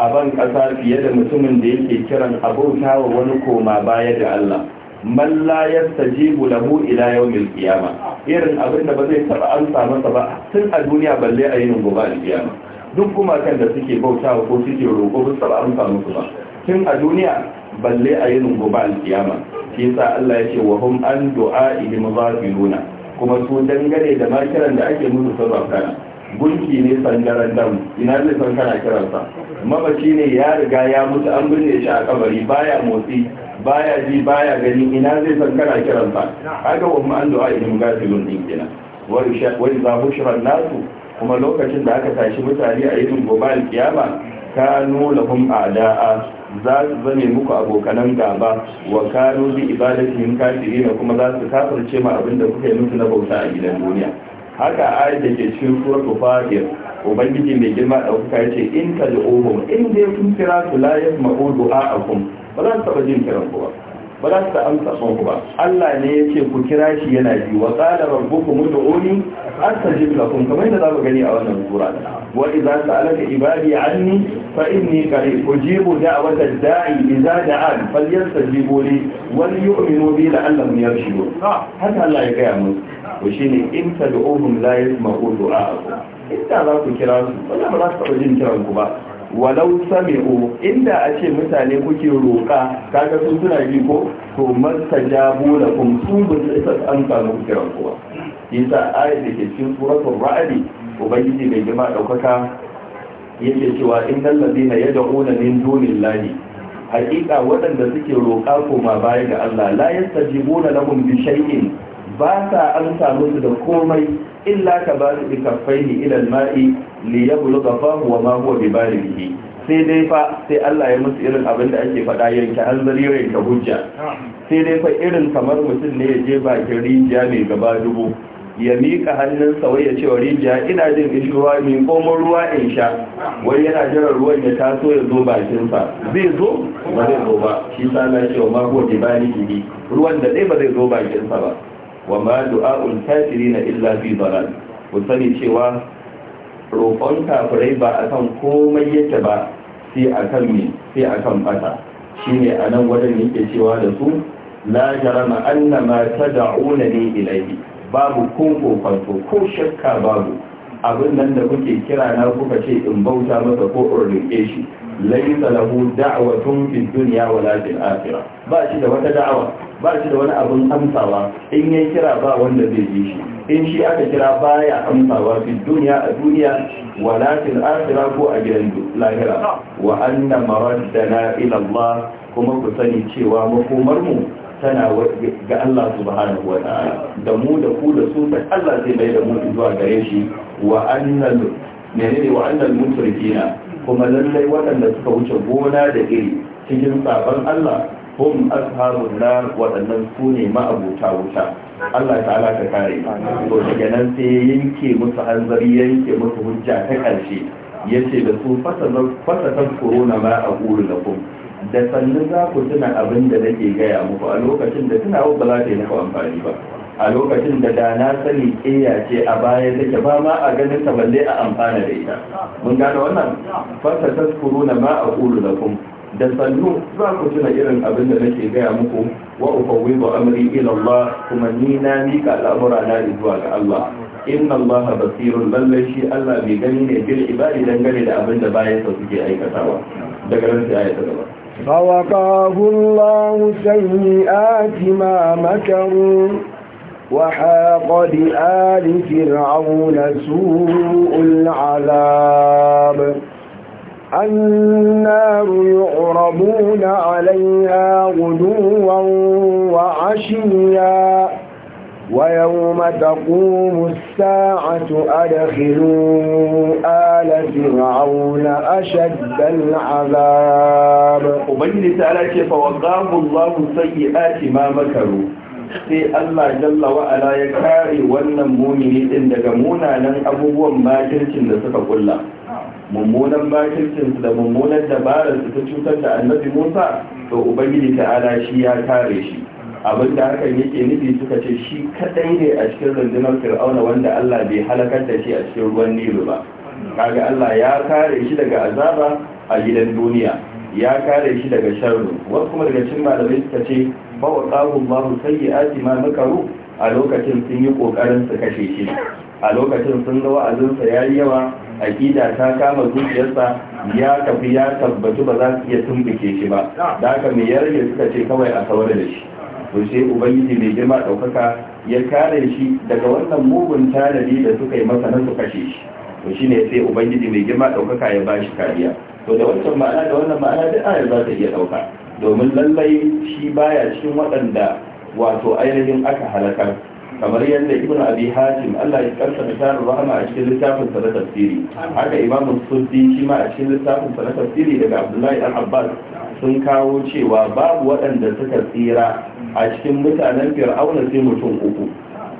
a ban ƙasa fiye da mutumin da yake kiran abauta wa wani koma baya da Allah man la yastajibu lahu ila yawmil qiyamah irin abin da ba zai taɓa amsa masa ba tun a duniya balle a yin gobe alkiyama duk gumakan da suke bautawa ko suke roƙo ba su taɓa amsa musu ba tun a duniya balle a yin gobe alkiyama shi yasa Allah ya ce wa hum an du'a ilim ghafiluna kuma su dangane da makiran da ake musu sarrafa gunki ne sangaran dam ina zai san kana kiransa mabaci ne ya riga ya mutu an binne shi a kabari baya motsi baya ji baya gani ina zai san kana kiran ba kaga umma an du'a idan gafilun din kenan wa za bushra nasu kuma lokacin da aka tashi mutane a yin gobe ka kanu lahum a'da'a za su zame muku abokanan gaba wa kanu bi ibadatihim kafirin kuma za su kafirce ma abinda kuka yi musu na bauta a gidan duniya haka ayat da ke cikin suratul fatir ubangiji mai girma ɗaukaka ya ce in ta li'uhum in dai kun kira su la yasma'u du'a'akum ba za su taɓa jin kiran ku ba ba za ta amsa ku ba Allah ne ya ce ku kira shi yana yi wa qala rabbukum ud'uni astajib lakum kamar yadda za mu gani a wannan sura wa idza sa'alaka ibadi anni fa inni qarib ujibu da'wata da'i idza da'an falyastajibu li wal yu'minu bi la'allahum yarshudun haka Allah ya gaya mu to shine in tad'uhum la yasma'u du'a'akum in da za ku kira su ba za su taɓa jin kiran ku ba walau sami'u inda a ce mutane kuke roƙa kaga sun suna bi ko to mastajabu da su ba su isa an samu kiran kuwa. yasa ayat da ke cikin suratul ra'd ubangiji bai jima daukaka yake cewa innal ladina yad'una min dunillahi haƙiƙa waɗanda suke roƙa koma baya ga Allah la yastajibuna lahum bi shay'in ba sa amsa musu da komai illa ka ba su bi kaffaihi ila mai li ga fa wa ma huwa bibalighi sai dai fa sai Allah ya musu irin abin da ake faɗa yanke hanzari yanke hujja sai dai fa irin kamar mutum ne ya je bakin rijiya mai gaba dubu ya miƙa hannunsa wai ya cewa rijiya ina jin ishi ruwa mai komon ruwa in sha wai yana jiran ruwan ya taso ya zo bakinsa zai zo ba zai zo ba shi sa na ce wa mako da ba ni ruwan da ɗaya ba zai zo bakinsa ba wa ma du'a'ul kafiri na illa fi dalal ku sani cewa roƙon kafirai ba a kan komai yake ba sai akan me sai fata shine a nan wajen yake cewa da su la jarama anna ma tad'una ne ilayhi babu kun kokonto ko shakka babu abin nan da kuke kira na kuka ce in bauta masa ko in riƙe shi laisa lahu da'watun fid dunya wala fil akhirah ba shi da wata da'awa ba shi da wani abun amsawa in yayi kira ba wanda zai ji shi in shi aka kira baya amsawa fid dunya a duniya wala fil akhirah ko a gidan lahira wa anna maraddana ila Allah kuma ku sani cewa makomar mu tana ga Allah subhanahu wa ta'ala da mu da ku da su da Allah zai mai da mu zuwa gare shi wa annal menene wa annal kuma lallai waɗanda suka wuce gona da iri cikin sabon Allah hum ashabun na waɗannan su ne ma'abuta wuta Allah ta'ala ka kare to daga nan sai yanke musu hanzari yanke musu hujja ta ƙarshe yace da su fasa ta korona ma a ƙuri da da sannu za ku tuna abin da nake gaya muku a lokacin da tunawa ba za ta yi amfani ba a lokacin da da na sani kiyya ce a baya take ba ma a ganin ta balle a amfana da ita mun gane wannan fasa taskuruna ma aqulu lakum da sannu za ku tuna irin abin da nake gaya muku wa ufawwidu amri ila Allah kuma ni na mika al'amura na zuwa ga Allah inna Allah basirun lallai shi Allah bai gani ne bil ibadi dangane da abin da bayan sa suke aikatawa daga nan sai ayata gaba فوقاه الله سيئات ما مكروا وحاق بآل فرعون سوء العذاب النار يعرضون عليها غدوا وعشيا ويوم تقوم الساعة أدخلوا آل فرعون أشد العذاب وبين تعالى فوقاه الله سيئات ما مكروا sai Allah jalla wa ala ya kare wannan mumini din daga munanan abubuwan bakircin da suka kulla mummunan bakircin su da mummunan dabarar su ta cutar da annabi Musa to ubangiji ala shi ya kare shi abin da hakan yake nufi suka ce shi kadai ne a cikin rundunar fir'auna wanda Allah bai halakar da shi a cikin ruwan nilu ba kaga Allah ya kare shi daga azaba a gidan duniya ya kare shi daga sharru wasu kuma daga cikin malamai suka ce fa waqahu Allahu sayyi'ati ma makaru a lokacin sun yi kokarin su kashe shi a lokacin sun ga wa'azinsa ya yi yawa aƙida ta kama zuciyarsa ya tafi ya tabbatu ba za su iya tumbuke shi ba da haka mai yarje suka ce kawai a kawar da shi to sai ubangiji mai girma ɗaukaka ya kare shi daga wannan mugun tanadi da suka yi masa na su kashe shi to shine sai ubangiji mai girma ɗaukaka ya ba shi kariya to da wancan ma'ana da wannan ma'ana da ayar za ta iya ɗauka domin lallai shi baya cikin waɗanda wato ainihin aka halakar kamar yadda ibn abi hajim Allah ya karsa misalin rahama a cikin littafin sa na tafsiri haka imam sufi shi ma a cikin littafin sa na tafsiri daga abdullahi dan abbas sun kawo cewa babu waɗanda suka tsira a cikin mutanen fir'auna sai mutum uku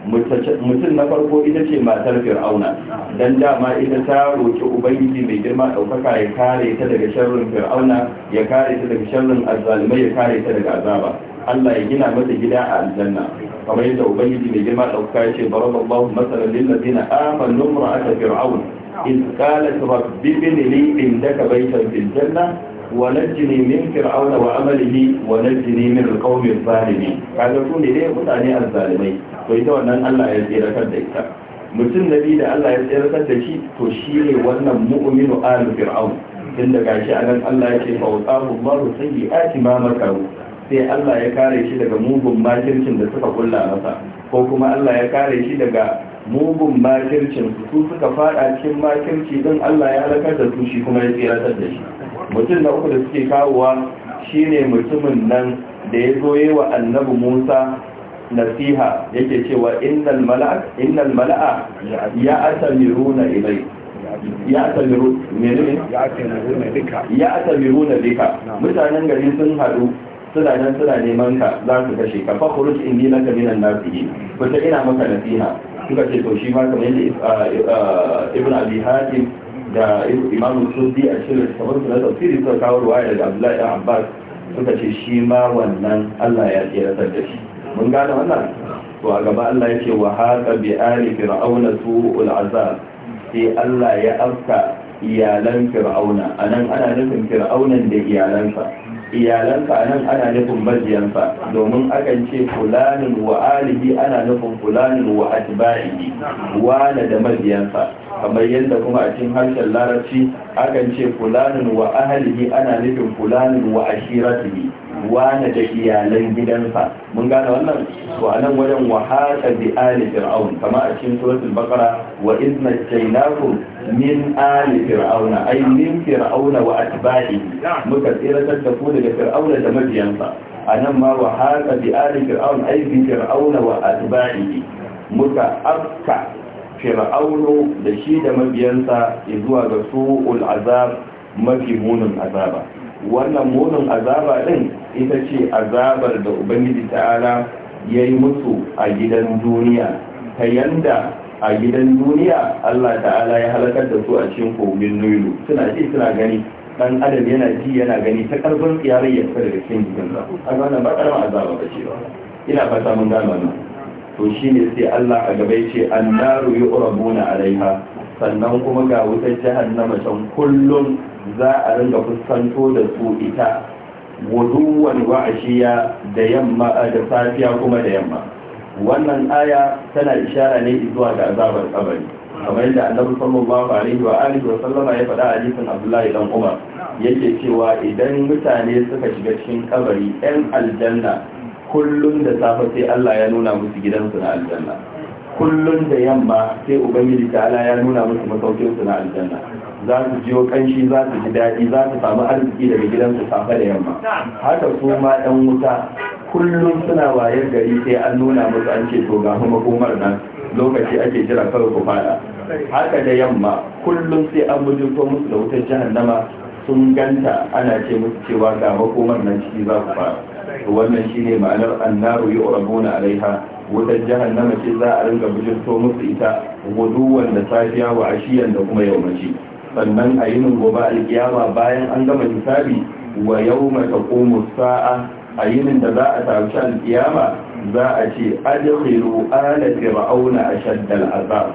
mutum na farko ita ce matar fir'auna don dama ita ta roƙi ubangiji mai girma ɗaukaka ya kare ta daga sharrin fir'auna ya kare ta daga sharrin azalimai ya kare ta daga azaba Allah ya gina mata gida a aljanna kamar yadda ubangiji mai girma ɗaukaka ya ce baraballahu masalan lil ladina amanu imra'ata fir'aun in qalat rabbi ibn li indaka baytan fil janna ونجني من فرعون وعمله ونجني من القوم الظالمين kaga su ne dai mutane azzalimai to ita wannan Allah ya tsiratar da ita mutum da Allah ya tsiratar da shi to shi ne wannan mu'minu al fir'aun Inda gashi a anan Allah yake fawtahu Allah sayyi'ati atima makaru sai Allah ya kare shi daga mugun makircin da suka kulla masa ko kuma Allah ya kare shi daga mugun makircin su suka fada cikin makirci din Allah ya halakar da su shi kuma ya tsiratar da shi mutum na uku da suke kawowa shine mutumin nan da ya zo yi wa annabi musa nasiha yake cewa innal mala'a ya asamiru ya ilai ya atamiru menene ya atamiruna bika ya mutanen gari sun hadu suna nan suna neman ka za su kashe ka fakhruj inni laka minan nasi yi ta ina maka nasiha suka ce to shi ma kamar yadda eh, eh, ibn abi hatim da imam sufi a cikin sabon su na tafsiri suka kawo ruwaya daga abdullahi dan abbas suka ce shi ma wannan allah ya tsira da shi mun gane wannan to a gaba allah ya ce wa haka bi ali fir'auna ul azab sai allah ya afka iyalan fir'auna anan ana nufin fir'aunan da iyalansa iyalansa anan ana nufin majiyansa domin akan ce fulanin wa alihi ana nufin fulanin wa atba'ihi wala da majiyansa kamar yadda kuma a cikin harshen larabci akan ce fulanin wa ahalihi ana nufin fulanin wa ashiratihi wane da iyalan gidansa mun gane wannan to a nan wajen wa haka bi ali fir'aun kama a cikin suratul baqara wa idna jaynakum min ali fir'aun ay min fir'aun wa atba'ihi muka tsiratar da ku daga fir'aun da mabiyansa a nan ma wa haka bi ali fir'aun ay bi fir'aun wa atba'ihi muka afka fir'aunu da shi da mabiyansa zuwa ga su'ul azab mafi munin azaba wannan munin azaba din ita ce azabar da ubangiji ta'ala ya yi musu a gidan duniya ta yanda a gidan duniya Allah ta'ala ya halakar da su a cikin kogin nilu suna ce suna gani dan adam yana ji yana gani ta karfin tsiyarai ya fara cikin gidan ba a ba karamar azaba ba ce ba ina fata mun gano nan to shi ne sai Allah a gaba yace annaru a raiha sannan kuma ga wutar jihar na macen kullum za a ringa fuskanto da su ita wuduwan wa'ashiya da yamma da safiya kuma da yamma wannan aya tana ishara ne zuwa ga azabar kabari kamar yadda annabi sallallahu alaihi wa alihi wa sallama ya faɗa a hadisin Abdullahi dan Umar yake cewa idan mutane suka shiga cikin kabari ɗan aljanna kullum da safe sai Allah ya nuna musu gidansu na aljanna kullum da yamma sai ubangiji ta'ala ya nuna musu masaukinsu na aljanna za su jiyo kanshi za su ji daɗi za su samu arziki daga gidansu safe da yamma haka su ma ɗan wuta kullum suna wayar gari sai an nuna musu an ce to ga hukumar nan lokaci ake jira kar ku fada haka da yamma kullum sai an ko musu da wutar jahannama sun ganta ana ce musu cewa ga makomar nan ciki za ku fara wannan shine ma'anar annaru yu'rabuna alaiha wutar jahannama ce za a rinka bijirto musu ita guduwan da safiya wa ashiyan da kuma yaumaci sannan a yinin gobe alkiyama bayan an gama hisabi wa yauma taqumu sa'a a yinin da za a tashi alkiyama za a ce adkhilu ala fir'auna ashadda al'azab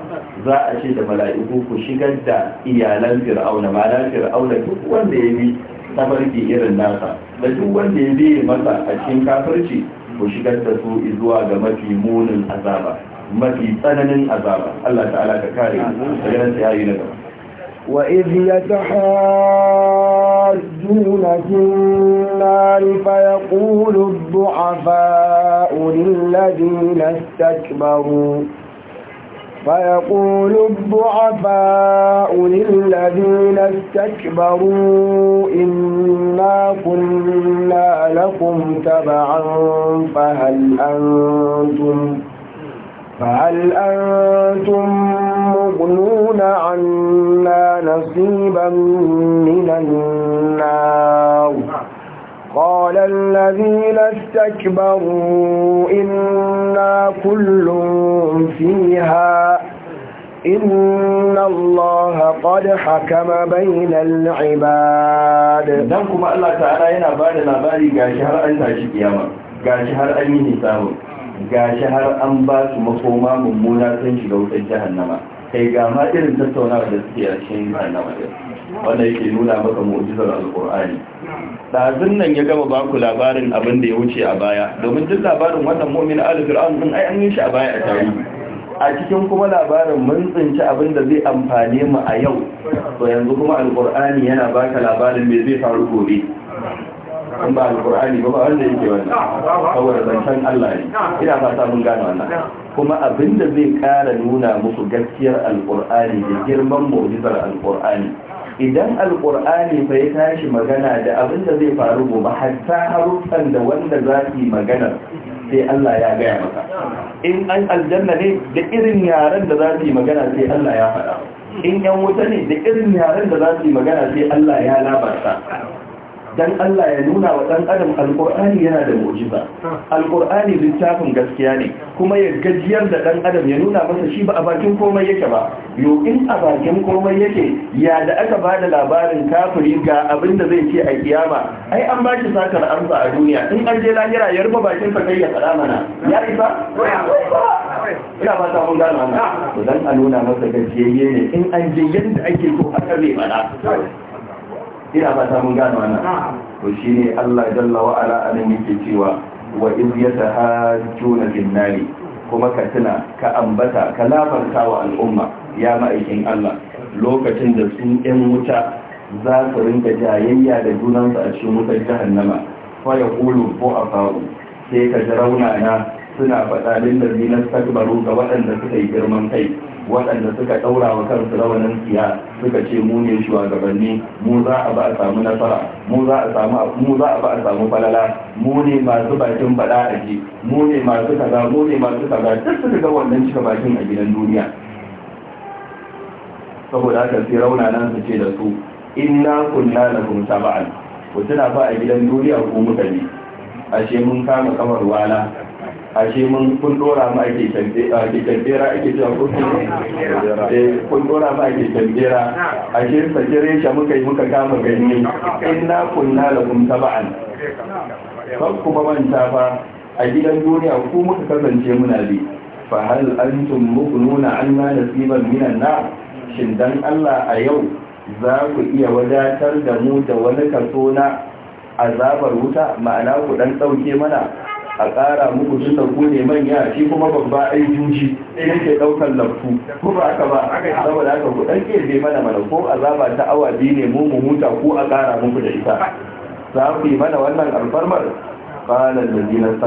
za a ce da mala'iku ku shigar da iyalan fir'auna ma'ana fir'auna duk wanda ya bi ta tafarki irin nasa da duk wanda ya biye masa a cikin kafirci ku shigar da su zuwa ga mafi munin azaba mafi tsananin azaba Allah ta'ala ka kare daga nan sai na gaba وإذ يتحاجون في النار فيقول الضعفاء للذين استكبروا فيقول الضعفاء للذين استكبروا إنا كنا لكم تبعا فهل أنتم فهل أنتم مغنون عنا نصيبا من النار قال الذين استكبروا إنا كل فيها إن الله قد حكم بين العباد dan kuma Allah ta'ala yana ba da labari gashi har an tashi kiyama gashi har an yi hisabu gashi har an ba makoma mummuna sun shiga wutar jahannama kai ga irin tattaunawa da suke a cikin jahannama wanda yake nuna maka mu'jizar alqur'ani ɗazin nan ya gama ba ku labarin abin da ya wuce a baya domin duk labarin wannan mumin alifir'an din ai an yi shi a baya a tare a cikin kuma labarin mun tsinci abin da zai amfane mu a yau to yanzu kuma alƙur'ani yana baka labarin me zai faru gobe an ba alƙur'ani ba ba wanda yake wannan saboda zancen Allah ne ina fata mun gane wannan kuma abin da zai ƙara nuna muku gaskiyar alƙur'ani da girman mu'jizar alƙur'ani idan alkur'ani fa ya tashi magana da abin da zai faru gobe hatta haruffan da wanda za su yi magana sai Allah ya gaya maka in an aljanna ne da irin yaren da za su yi magana sai Allah ya faɗa in yan wuta ne da irin yaren da za su yi magana sai Allah ya labarta dan Allah ya nuna wa dan adam alqur'ani yana da mu'jiza alqur'ani littafin gaskiya ne kuma ya gajiyar da dan adam ya nuna masa shi ba a bakin komai yake ba yo in a bakin komai yake ya da aka bada labarin kafiri ga abin da zai ce a kiyama ai an bashi sakar amsa a duniya in an je lahira ya rufe bakin sa kai ya fada mana ya isa ina ba ta mun gano dan a nuna masa gajiyayye ne in an je yadda ake so aka zai fada ina ba ta mun gano wannan to shine Allah jalla wa ala yake cewa wa iz yatahajjuna fil nari kuma ka tuna ka ambata ka labarta wa al'umma ya ma'aikin Allah lokacin da sun yan wuta za su rinka jayayya da junansu a cikin wutar jahannama fa yaqulu afaru sai ka jarauna na suna faɗa lil na takbaru ga waɗanda suka yi girman kai waɗanda suka ɗaura wa kansu rawanin siya suka ce mu ne shugabanni mu za a ba a samu nasara mu za a samu mu za a ba a samu falala mu ne masu bakin bada a ji mu ne masu kaza mu ne masu kaza duk suka ga wannan cika bakin a gidan duniya saboda haka sai rauna nan su ce da su inna kunna lakum sab'an ku tuna ba a gidan duniya ku mutane ashe mun kama kamar wala ashe mun kun dora ma ake kandera ake cewa eh, kun dora mu ake kandera ashe sakire shi muka yi muka kama ganye inna kunna lakum taba'an kan kuma manta fa a gidan duniya ku muka kasance muna bi fa hal antum muqnuna anna nasiban minan na, shin dan Allah a yau za ku iya wadatar da mu da wani kaso na azabar wuta ma'ana ku dan dauke mana a tsara muku su ne manya shi kuma babba ai juji sai ke ɗaukar lafu ko ba haka ba saboda haka ku ɗan bai mana mana ko azaba ta awa biyu ne mu mu huta ko a ƙara muku da ita za ku yi mana wannan alfarmar ƙalar da jinan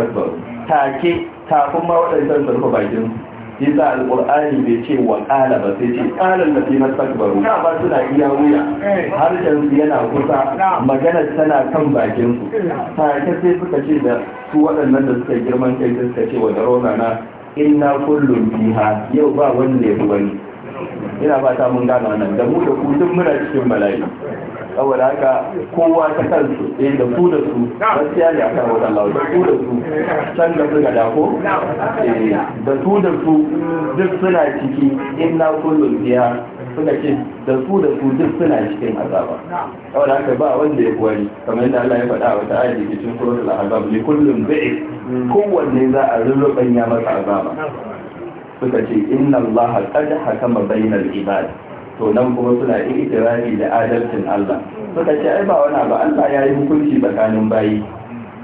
take kafin ma waɗancan sarfa bakin yasa alqur'ani bai ce wa qala ba sai ce qala allati nastakbaru na ba suna iya wuya har su yana kusa magana tana kan bakin su take sai suka ce da su waɗannan da suka girman kai suka ce wa darona na inna kullum biha yau ba wanda ya yana ina ta mun gane wannan da mu da ku duk muna cikin bala'i saboda haka kowa ta kansu eh da su da su ban siya ne akan wajen lawa da su da su can da suka dako eh, da su da su duk suna ciki in na kullum biya suka ce da su da su duk suna cikin azaba saboda haka ba wanda ya kwari kamar yadda Allah ya faɗa wata ayat da cikin suratul azab li kullum bi'i kowanne za a rurrubanya masa azaba suka ce inna Allah qad hakama bainal ibad to nan kuma suna ikirari da adalcin Allah suka ce ai ba wani ba Allah ya yi hukunci tsakanin bayi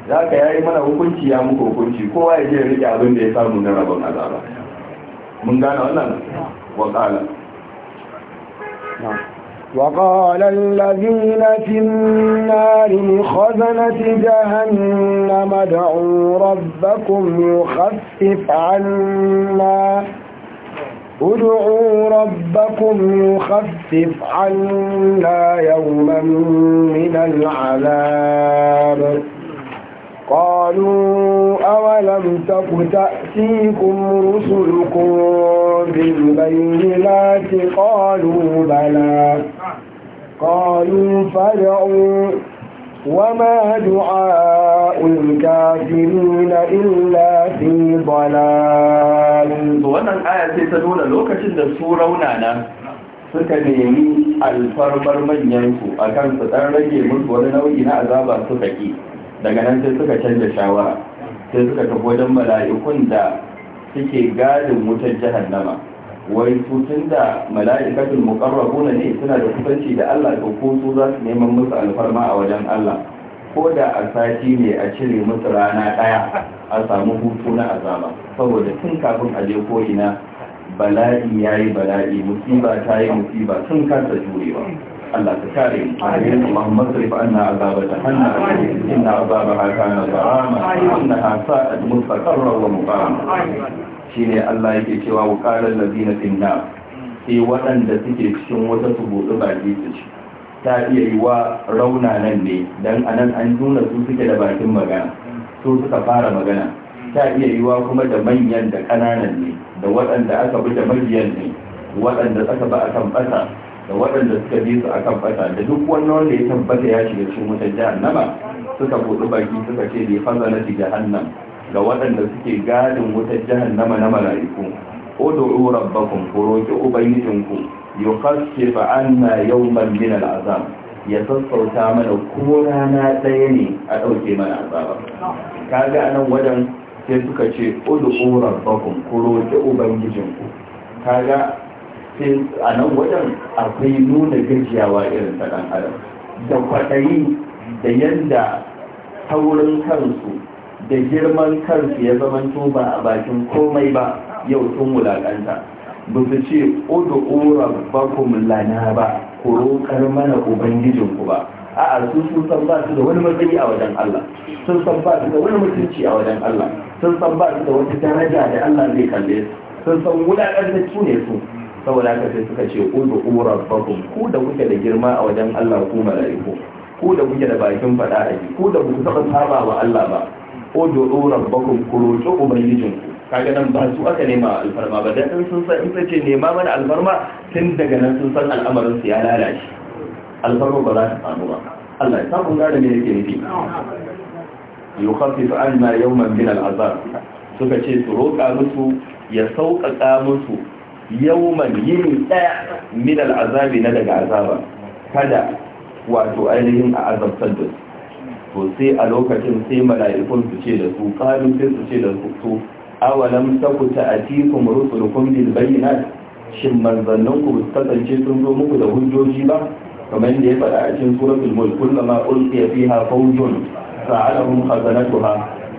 za ka yayi mana hukunci ya muku hukunci kowa ya je ya rike abin da ya samu na rabon azaba mun gane wannan wa qala وقال الذين في النار خزنة جهنم ادعوا ربكم يخفف عنا ادعوا ربكم يخفف عنا يوما من العذاب قالوا أولم تك تأتيكم رسلكم بالبينات قالوا بلى قالوا فدعوا وما دعاء الكافرين إلا في ضلال wannan aya sai ta nuna lokacin da su raunana suka nemi alfarmar manyansu a kan su ɗan rage musu wani nau'i na azaba suka ƙi daga nan sai suka canza shawara sai suka tafi wajen mala'ikun da suke gadin wutar jahannama wai su tun da mala'ikatul na ne suna da kusanci da Allah to ko su za su neman musu alfarma a wajen Allah ko da a sati ne a cire musu rana daya a samu hutu na azaba saboda tun kafin a je ko ina bala'i yayi bala'i musiba ta yi musiba tun kasa jurewa Allah ta kare mu amin Allahumma sarif anna azaba da inna azabaha kana zarama innaha sa'at mustaqarra wa muqama shine Allah yake cewa wa qalan ladina finna sai waɗanda suke cikin wata tubutu baki su ci ta iya yi wa rauna nan ne dan anan an nuna su suke da bakin magana su suka fara magana ta iya yi wa kuma da manyan da kananan ne da waɗanda aka bi da manyan ne waɗanda aka ba akan ɓata da waɗanda suka bi su akan ɓata da duk wannan wanda ya tabbata ya shiga cikin wata jahannama suka buɗe baki suka ce bai fazana fi ga waɗanda suke gadin wutar jahannama na mala'iku ud'u rabbakum furuki ubangijinku yukhaffif anna yawman min al'azab ya sassauta mana ko rana ɗaya ne a ɗauke mana azaba kaga anan wajen sai suka ce ud'u rabbakum furuki ubangijinku kaga sai a nan wajen akwai nuna gajiyawa irin ta ɗan adam da kwaɗayi da yadda taurin kansu da girman kansu ya zama ba a bakin komai ba yau sun wulaƙanta. ba su ce udu'u rabbakum lana ba ku roƙar mana ubangijinku ba a'a su sun san ba su da wani matsayi a wajen Allah sun san ba su da wani mutunci a wajen Allah sun san ba su da wata daraja da Allah zai kalle su sun san wulaƙantattu ne su saboda haka sai suka ce udu'u rabbakum ku da kuke da girma a wajen Allah ku mala'iku ku da kuke da bakin faɗa a ku da ku taɓa saba wa Allah ba ko dodo rabbakum ku roƙi ubangijin kaga nan ba su aka nema alfarma ba dan sun san in sace nema mana alfarma tun daga nan sun san al'amarin su ya lalace alfarma ba za ta samu ba Allah ya samu da me yake nufi yukhaffif anna yawman min al'azab suka ce su roƙa musu ya sauƙaƙa musu yawman yini ɗaya min al'azabi na daga azaba kada wato ainihin a azabtar da su to sai a lokacin sai mala'ikun su ce da su qalu sai su ce da su awalam taku ta'atikum rusulukum bil bayyinat shin manzannin ku kasance sun zo muku da hujjoji ba kamar da ya faɗa a cikin suratul mulk kullama ulqiya fiha fawjun sa'alahum khazanatuha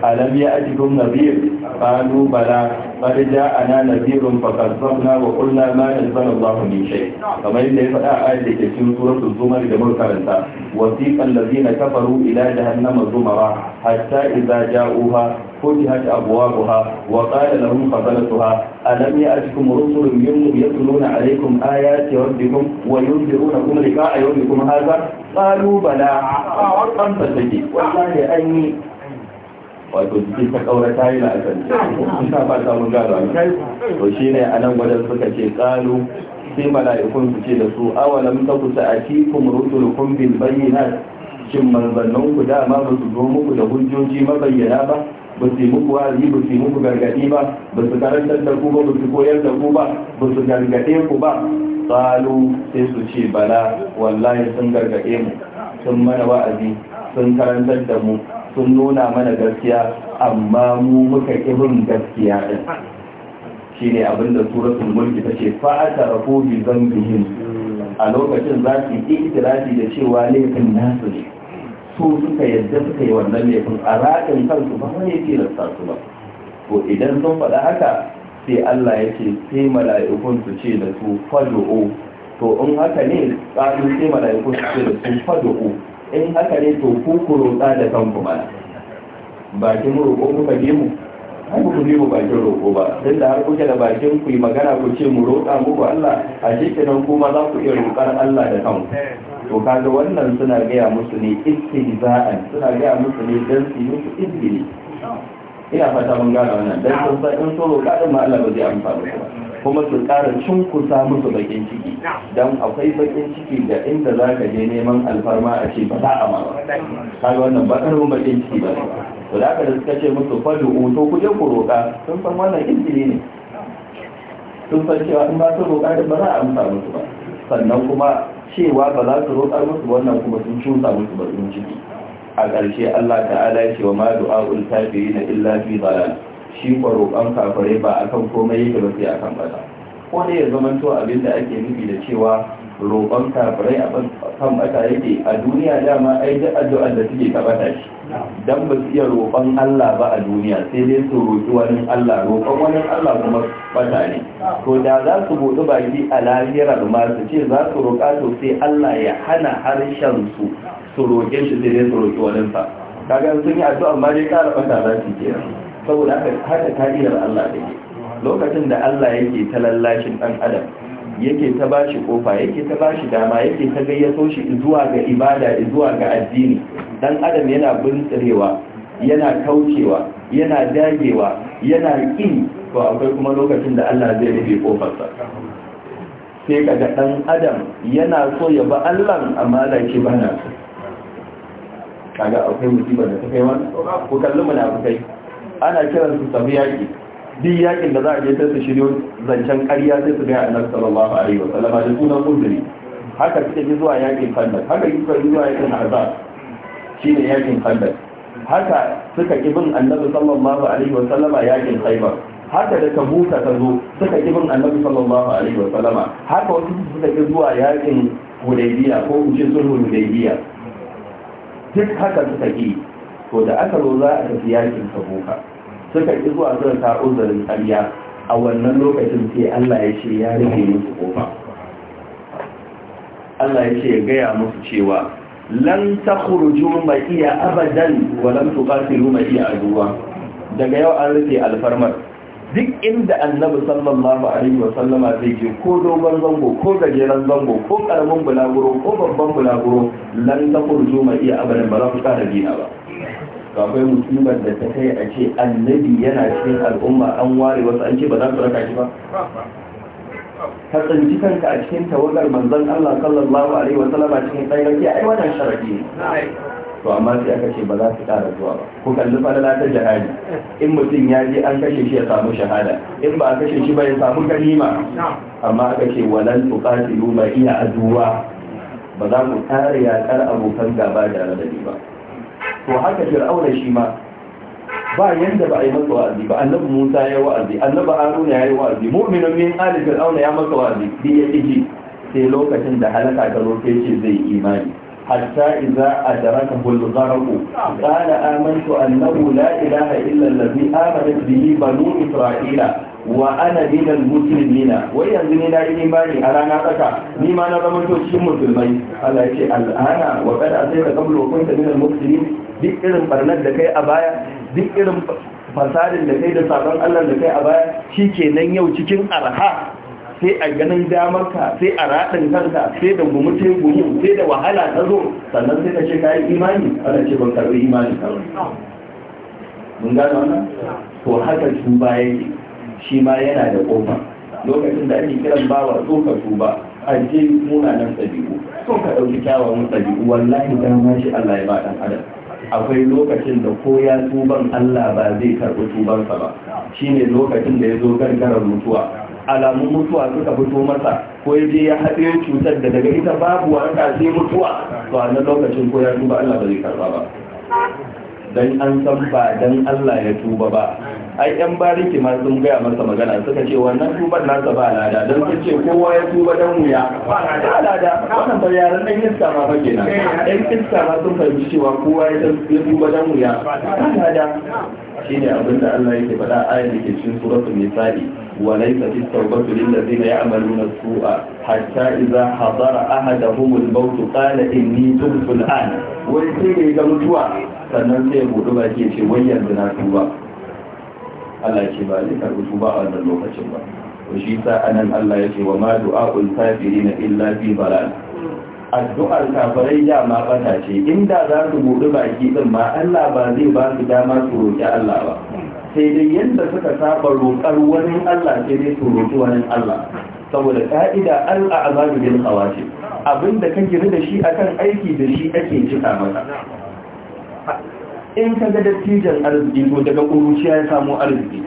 alam ya ajikum nabir qalu bala qad Ana, nabirun fakazzabna wa qulna ma anzala Allah min shay kamar yadda ya faɗa a ayat da ke cikin suratul zumar da muka karanta wasiqal ladina kafaru ila jahannama zumara hatta idza ja'uha فتحت أبوابها وقال لهم خزنتها ألم يأتكم رسل منكم يتلون عليكم آيات ربكم وينذرونكم لقاء يومكم هذا قالوا بلى قد والله أني wato jikin ta kaura ta yi la'akari kun ta ba samun gado an kai to shi ne a nan gwadon suka ce kalu sai mala'ikun su ce da su awalam ta kusa a cikin rusulukum bil bayyana shin manzannin ku dama ba su zo muku da hujjoji mabayyana ba ba su muku wazi ba su muku gargadi ba ba su karantar da ku ba ba su koyar da ku ba ba su gargade ku ba kalu sai su ce bala wallahi sun gargade mu sun mana wa'azi sun karantar da mu sun nuna mana gaskiya amma mu muka ibin gaskiya Shi ne abinda sun mulki tace fa atarafu bi bihin a lokacin za su yi ikirafi da cewa laifin nasu ne su suka yadda suka yi wannan laifin a raƙin kansu ba wani da su ba to idan sun faɗa haka sai Allah ya ce sai mala'ikun su ce da su fado'o to in haka ne tsarin sai mala'ikun su ce da su fado'o in haka ne to ku ku roƙa da kanku ba bakin roƙo kuka bi mu ai ku bi mu bakin roƙo ba tun da har kuke da bakin ku yi magana ku ce mu roƙa muku Allah a shekinan kuma za ku iya roƙar Allah da kanku to kaga wannan suna gaya musu ne istihza'an suna gaya musu ne dan su yi musu izgili ina fata mun gane wannan dan sun san in so roƙa din ma Allah ba zai amfani ba kuma su ƙara cunkusa musu bakin ciki don akwai bakin ciki da inda za ka je neman alfarma a ce ba za a ma ba kaga wannan ba ƙarfin bakin ciki ba to da aka da suka ce musu fadu to ku ku roƙa sun san wannan injili ne sun san cewa in ba su roƙa ba za a amsa musu ba sannan kuma cewa ba za su roƙa musu wannan kuma sun cusa musu bakin ciki a ƙarshe Allah ta'ala ya ce wa ma du'a ul na illa fi dalal shi roƙon kafare ba a kan komai yake ba sai a kan ɓata ko dai ya zama to abin da ake nufi da cewa roƙon kafare a kan bata yake a duniya dama ai duk addu'ar da suke tabbata shi dan ba su iya roƙon Allah ba a duniya sai dai su roƙi wani Allah roƙon wani Allah kuma bata ne to da za su buɗi baki a lahirar ma su ce za su roƙa to sai Allah ya hana harshen su su roƙe shi sai dai su roƙi wani sa kaga sun yi addu'a ma dai ƙara bata za su kenan saboda haka ta'idar Allah da lokacin da Allah yake ta lallashin ɗan adam yake ta bashi kofa yake ta bashi dama yake ta gayyato shi zuwa ga ibada zuwa ga addini ɗan adam yana buntsirewa yana kaucewa yana dagewa yana kin to akwai kuma lokacin da Allah zai rufe ƙofarsa. sai kaga dan adam yana so ya ba Allah amma da ke bana kaga akwai musibar da ta kai wannan ko kallon kai. ana kiran su tafi yaƙi duk yaƙin da za a je sai su shiryo zancen ƙarya sai su gaya annabi sallallahu alaihi wa sallama da sunan uzuri haka suka ji zuwa yaƙin kandar, haka yi suka ji zuwa yaƙin shi ne yaƙin Kandar, haka suka ki bin annabi sallallahu alaihi wa sallama yaƙin khaybar haka da tabuka ta zo suka ki bin annabi sallallahu alaihi wa sallama haka wasu suka ki zuwa yaƙin hudaybiya ko kuce sulhul hudaybiya duk haka suka ki to da aka zo za a tafi yakin tabuka suka ƙi zuwa zan ta uzurin ƙarya a wannan lokacin sai Allah ya ce ya rufe musu kofa Allah ya ce ya gaya musu cewa lan takhruju ma iya abadan wa lan tuqatilu ma iya aduwa daga yau an rufe alfarmar duk inda annabi sallallahu alaihi wa sallama zai je ko dogon zango ko gajeren zango ko karamin bulaguro ko babban bulaguro lan takhruju ma iya abadan ba za ku kara dina ba akwai musulman da ta kai a ce annabi yana cikin al'umma an ware wasu an ce ba za su raka shi ba ka tsanci kanka a cikin tawagar manzon Allah sallallahu alaihi wa sallama cikin tsayar ke ai wannan sharadi ne to amma sai aka ce ba za su ƙara zuwa ba Ku kalli falala ta jihadi in mutum ya je an kashe shi ya samu shahada in ba a kashe shi ba ya samu ganima amma aka ce walan tuqatilu ma iya aduwa ba za mu kare yakar abokan gaba da radadi ba to haka fir'auna shi ma ba yanda ba a yi masa wa'azi ba annabi musa ya yi wa'azi annabi haruna ya yi wa'azi mu'minun min ali fir'auna ya masa wa'azi bi ya iji sai lokacin da halaka ta roke shi zai imani hatta idza adraka hul gharqu qala amantu annahu la ilaha illa allazi amanat bihi banu isra'ila wa ana minal muslimina wai yanzu ne na yi imani a rana tsaka ni ma na zama to cikin musulmai Allah ya ce al'ana wa kada sai ka kabul wa kunta minal muslimin duk irin barnar da kai a baya duk irin fasadin da kai da sabon Allah da kai a baya shikenan yau cikin arha sai a ganin damar ka sai a radin kanka sai da gumuce gumu sai da wahala ta zo sannan sai ka ce kai imani Allah ce ban karbi imani kawai mun gano wannan to haka su baya yake shi ma yana da ƙofa, lokacin da ake kiran bawa so tuba a je munanan ɗabi'u so ka ɗauki kyawawan ɗabi'u wallahi dama shi Allah ya ba ɗan adam akwai lokacin da ko ya tuban Allah ba zai karɓi tubansa ba shine lokacin da ya zo gargarar mutuwa alamun mutuwa suka fito masa ko ya je ya haɗe cutar da daga ita babu wanka sai mutuwa to a lokacin ko ya tuba Allah ba zai karɓa ba dan an san ba dan Allah ya tuba ba ai yan bariki ma sun gaya masa magana suka ce wannan tuban nasa ba lada don sun ce kowa ya tuba dan wuya ba lada wannan ba yaran dan iska ma fa kenan dan iska ma sun fahimci cewa kowa ya tuba dan wuya ba lada shine abinda Allah yake faɗa ayar da ke cikin suratul nisa'i وليست التوبة للذين يعملون السوء حتى إذا حضر أحدهم الموت قال إني تبت الآن ويسيري كمتوى sannan sai buɗu ba ke ce wai yanzu na tuba Allah ce ba zai karɓi tuba a wannan lokacin ba to shi sa anan Allah ya ce wa ma du'a'ul illa fi balal addu'ar kafirai dama ce inda za su buɗu baki din ma Allah ba zai ba su dama su roƙi Allah ba sai dai yadda suka saba roƙar wani Allah sai dai su roƙi wani Allah saboda ka'ida al'azabi bil khawashi abinda ka gina da shi akan aiki da shi ake cika masa in ka ga dattijan arziki to daga ƙuruciya ya samu arziki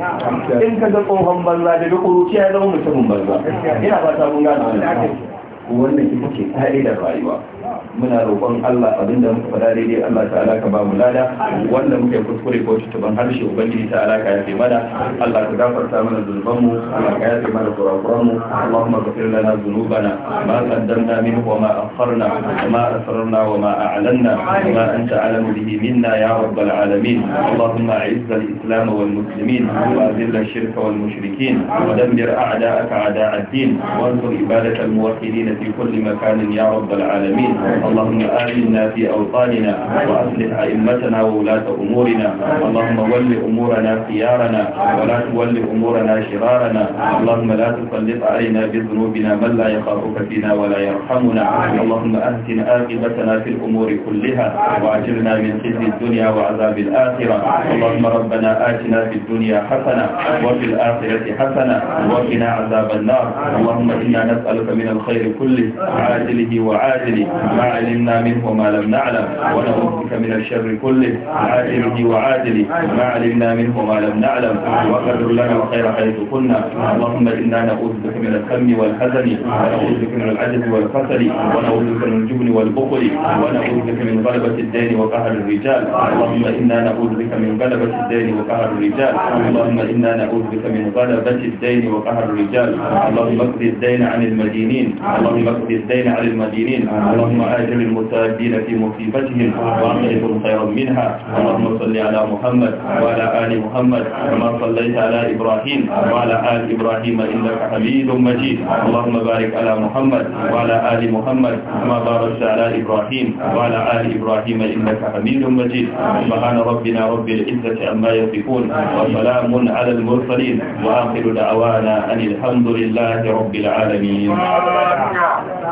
in ka ga tsohon banza daga ƙuruciya ya zama mutumin banza ina ba fata mun gane wannan wannan ita ce ka'idar rayuwa muna roƙon Allah abinda muka faɗa daidai Allah ta ka ba mu lada wanda muke kuskure ko tutuban harshe ubangiji ta ka yafe mana Allah ka gafarta mana zunuban mu Allah ka yafe mana kurakuran mu Allahumma ghfir lana dhunubana ma qaddamna min wa ma akharna wa ma asrarna wa ma a'lanna wa ma anta a'lamu bihi minna ya rabbal alamin اللهم اعز الاسلام wal واذل الشرك والمشركين ودمر اعداءك اعداء الدين وانصر عبادك الموحدين في kulli مكان ya رب العالمين اللهم آمنا في أوطاننا وأصلح أئمتنا وولاة أمورنا اللهم ول أمورنا خيارنا ولا تول أمورنا شرارنا اللهم لا تسلط علينا بذنوبنا من لا يخافك فينا ولا يرحمنا اللهم أحسن آقبتنا في الأمور كلها وأجرنا من خزي الدنيا وعذاب الآخرة اللهم ربنا آتنا في الدنيا حسنة وفي الآخرة حسنة وقنا عذاب النار اللهم إنا نسألك من الخير كله عاجله وعاجله ما علمنا منه وما لم نعلم ونعوذ بك من الشر كله عاجله وعادله ما علمنا منه وما لم نعلم وقدر لنا الخير حيث كنا اللهم إنا نعوذ بك من الهم والحزن ونعوذ بك من العجز والكسل ونعوذ بك من الجبن والبخل ونعوذ بك من غلبة الدين وقهر الرجال اللهم إنا نعوذ بك من غلبة الدين وقهر الرجال اللهم إنا نعوذ بك من غلبة الدين وقهر الرجال اللهم اقض الدين عن المدينين اللهم اقض الدين عن المدينين اللهم اللهم آجل المتاجين في مصيبتهم واعطهم خيرا منها اللهم صل على محمد وعلى آل محمد كما صليت على إبراهيم وعلى آل إبراهيم إنك حميد مجيد اللهم بارك على محمد وعلى آل محمد كما باركت على إبراهيم وعلى آل إبراهيم إنك حميد مجيد سبحان ربنا رب العزة عما يصفون وسلام على المرسلين وآخر دعوانا أن الحمد لله رب العالمين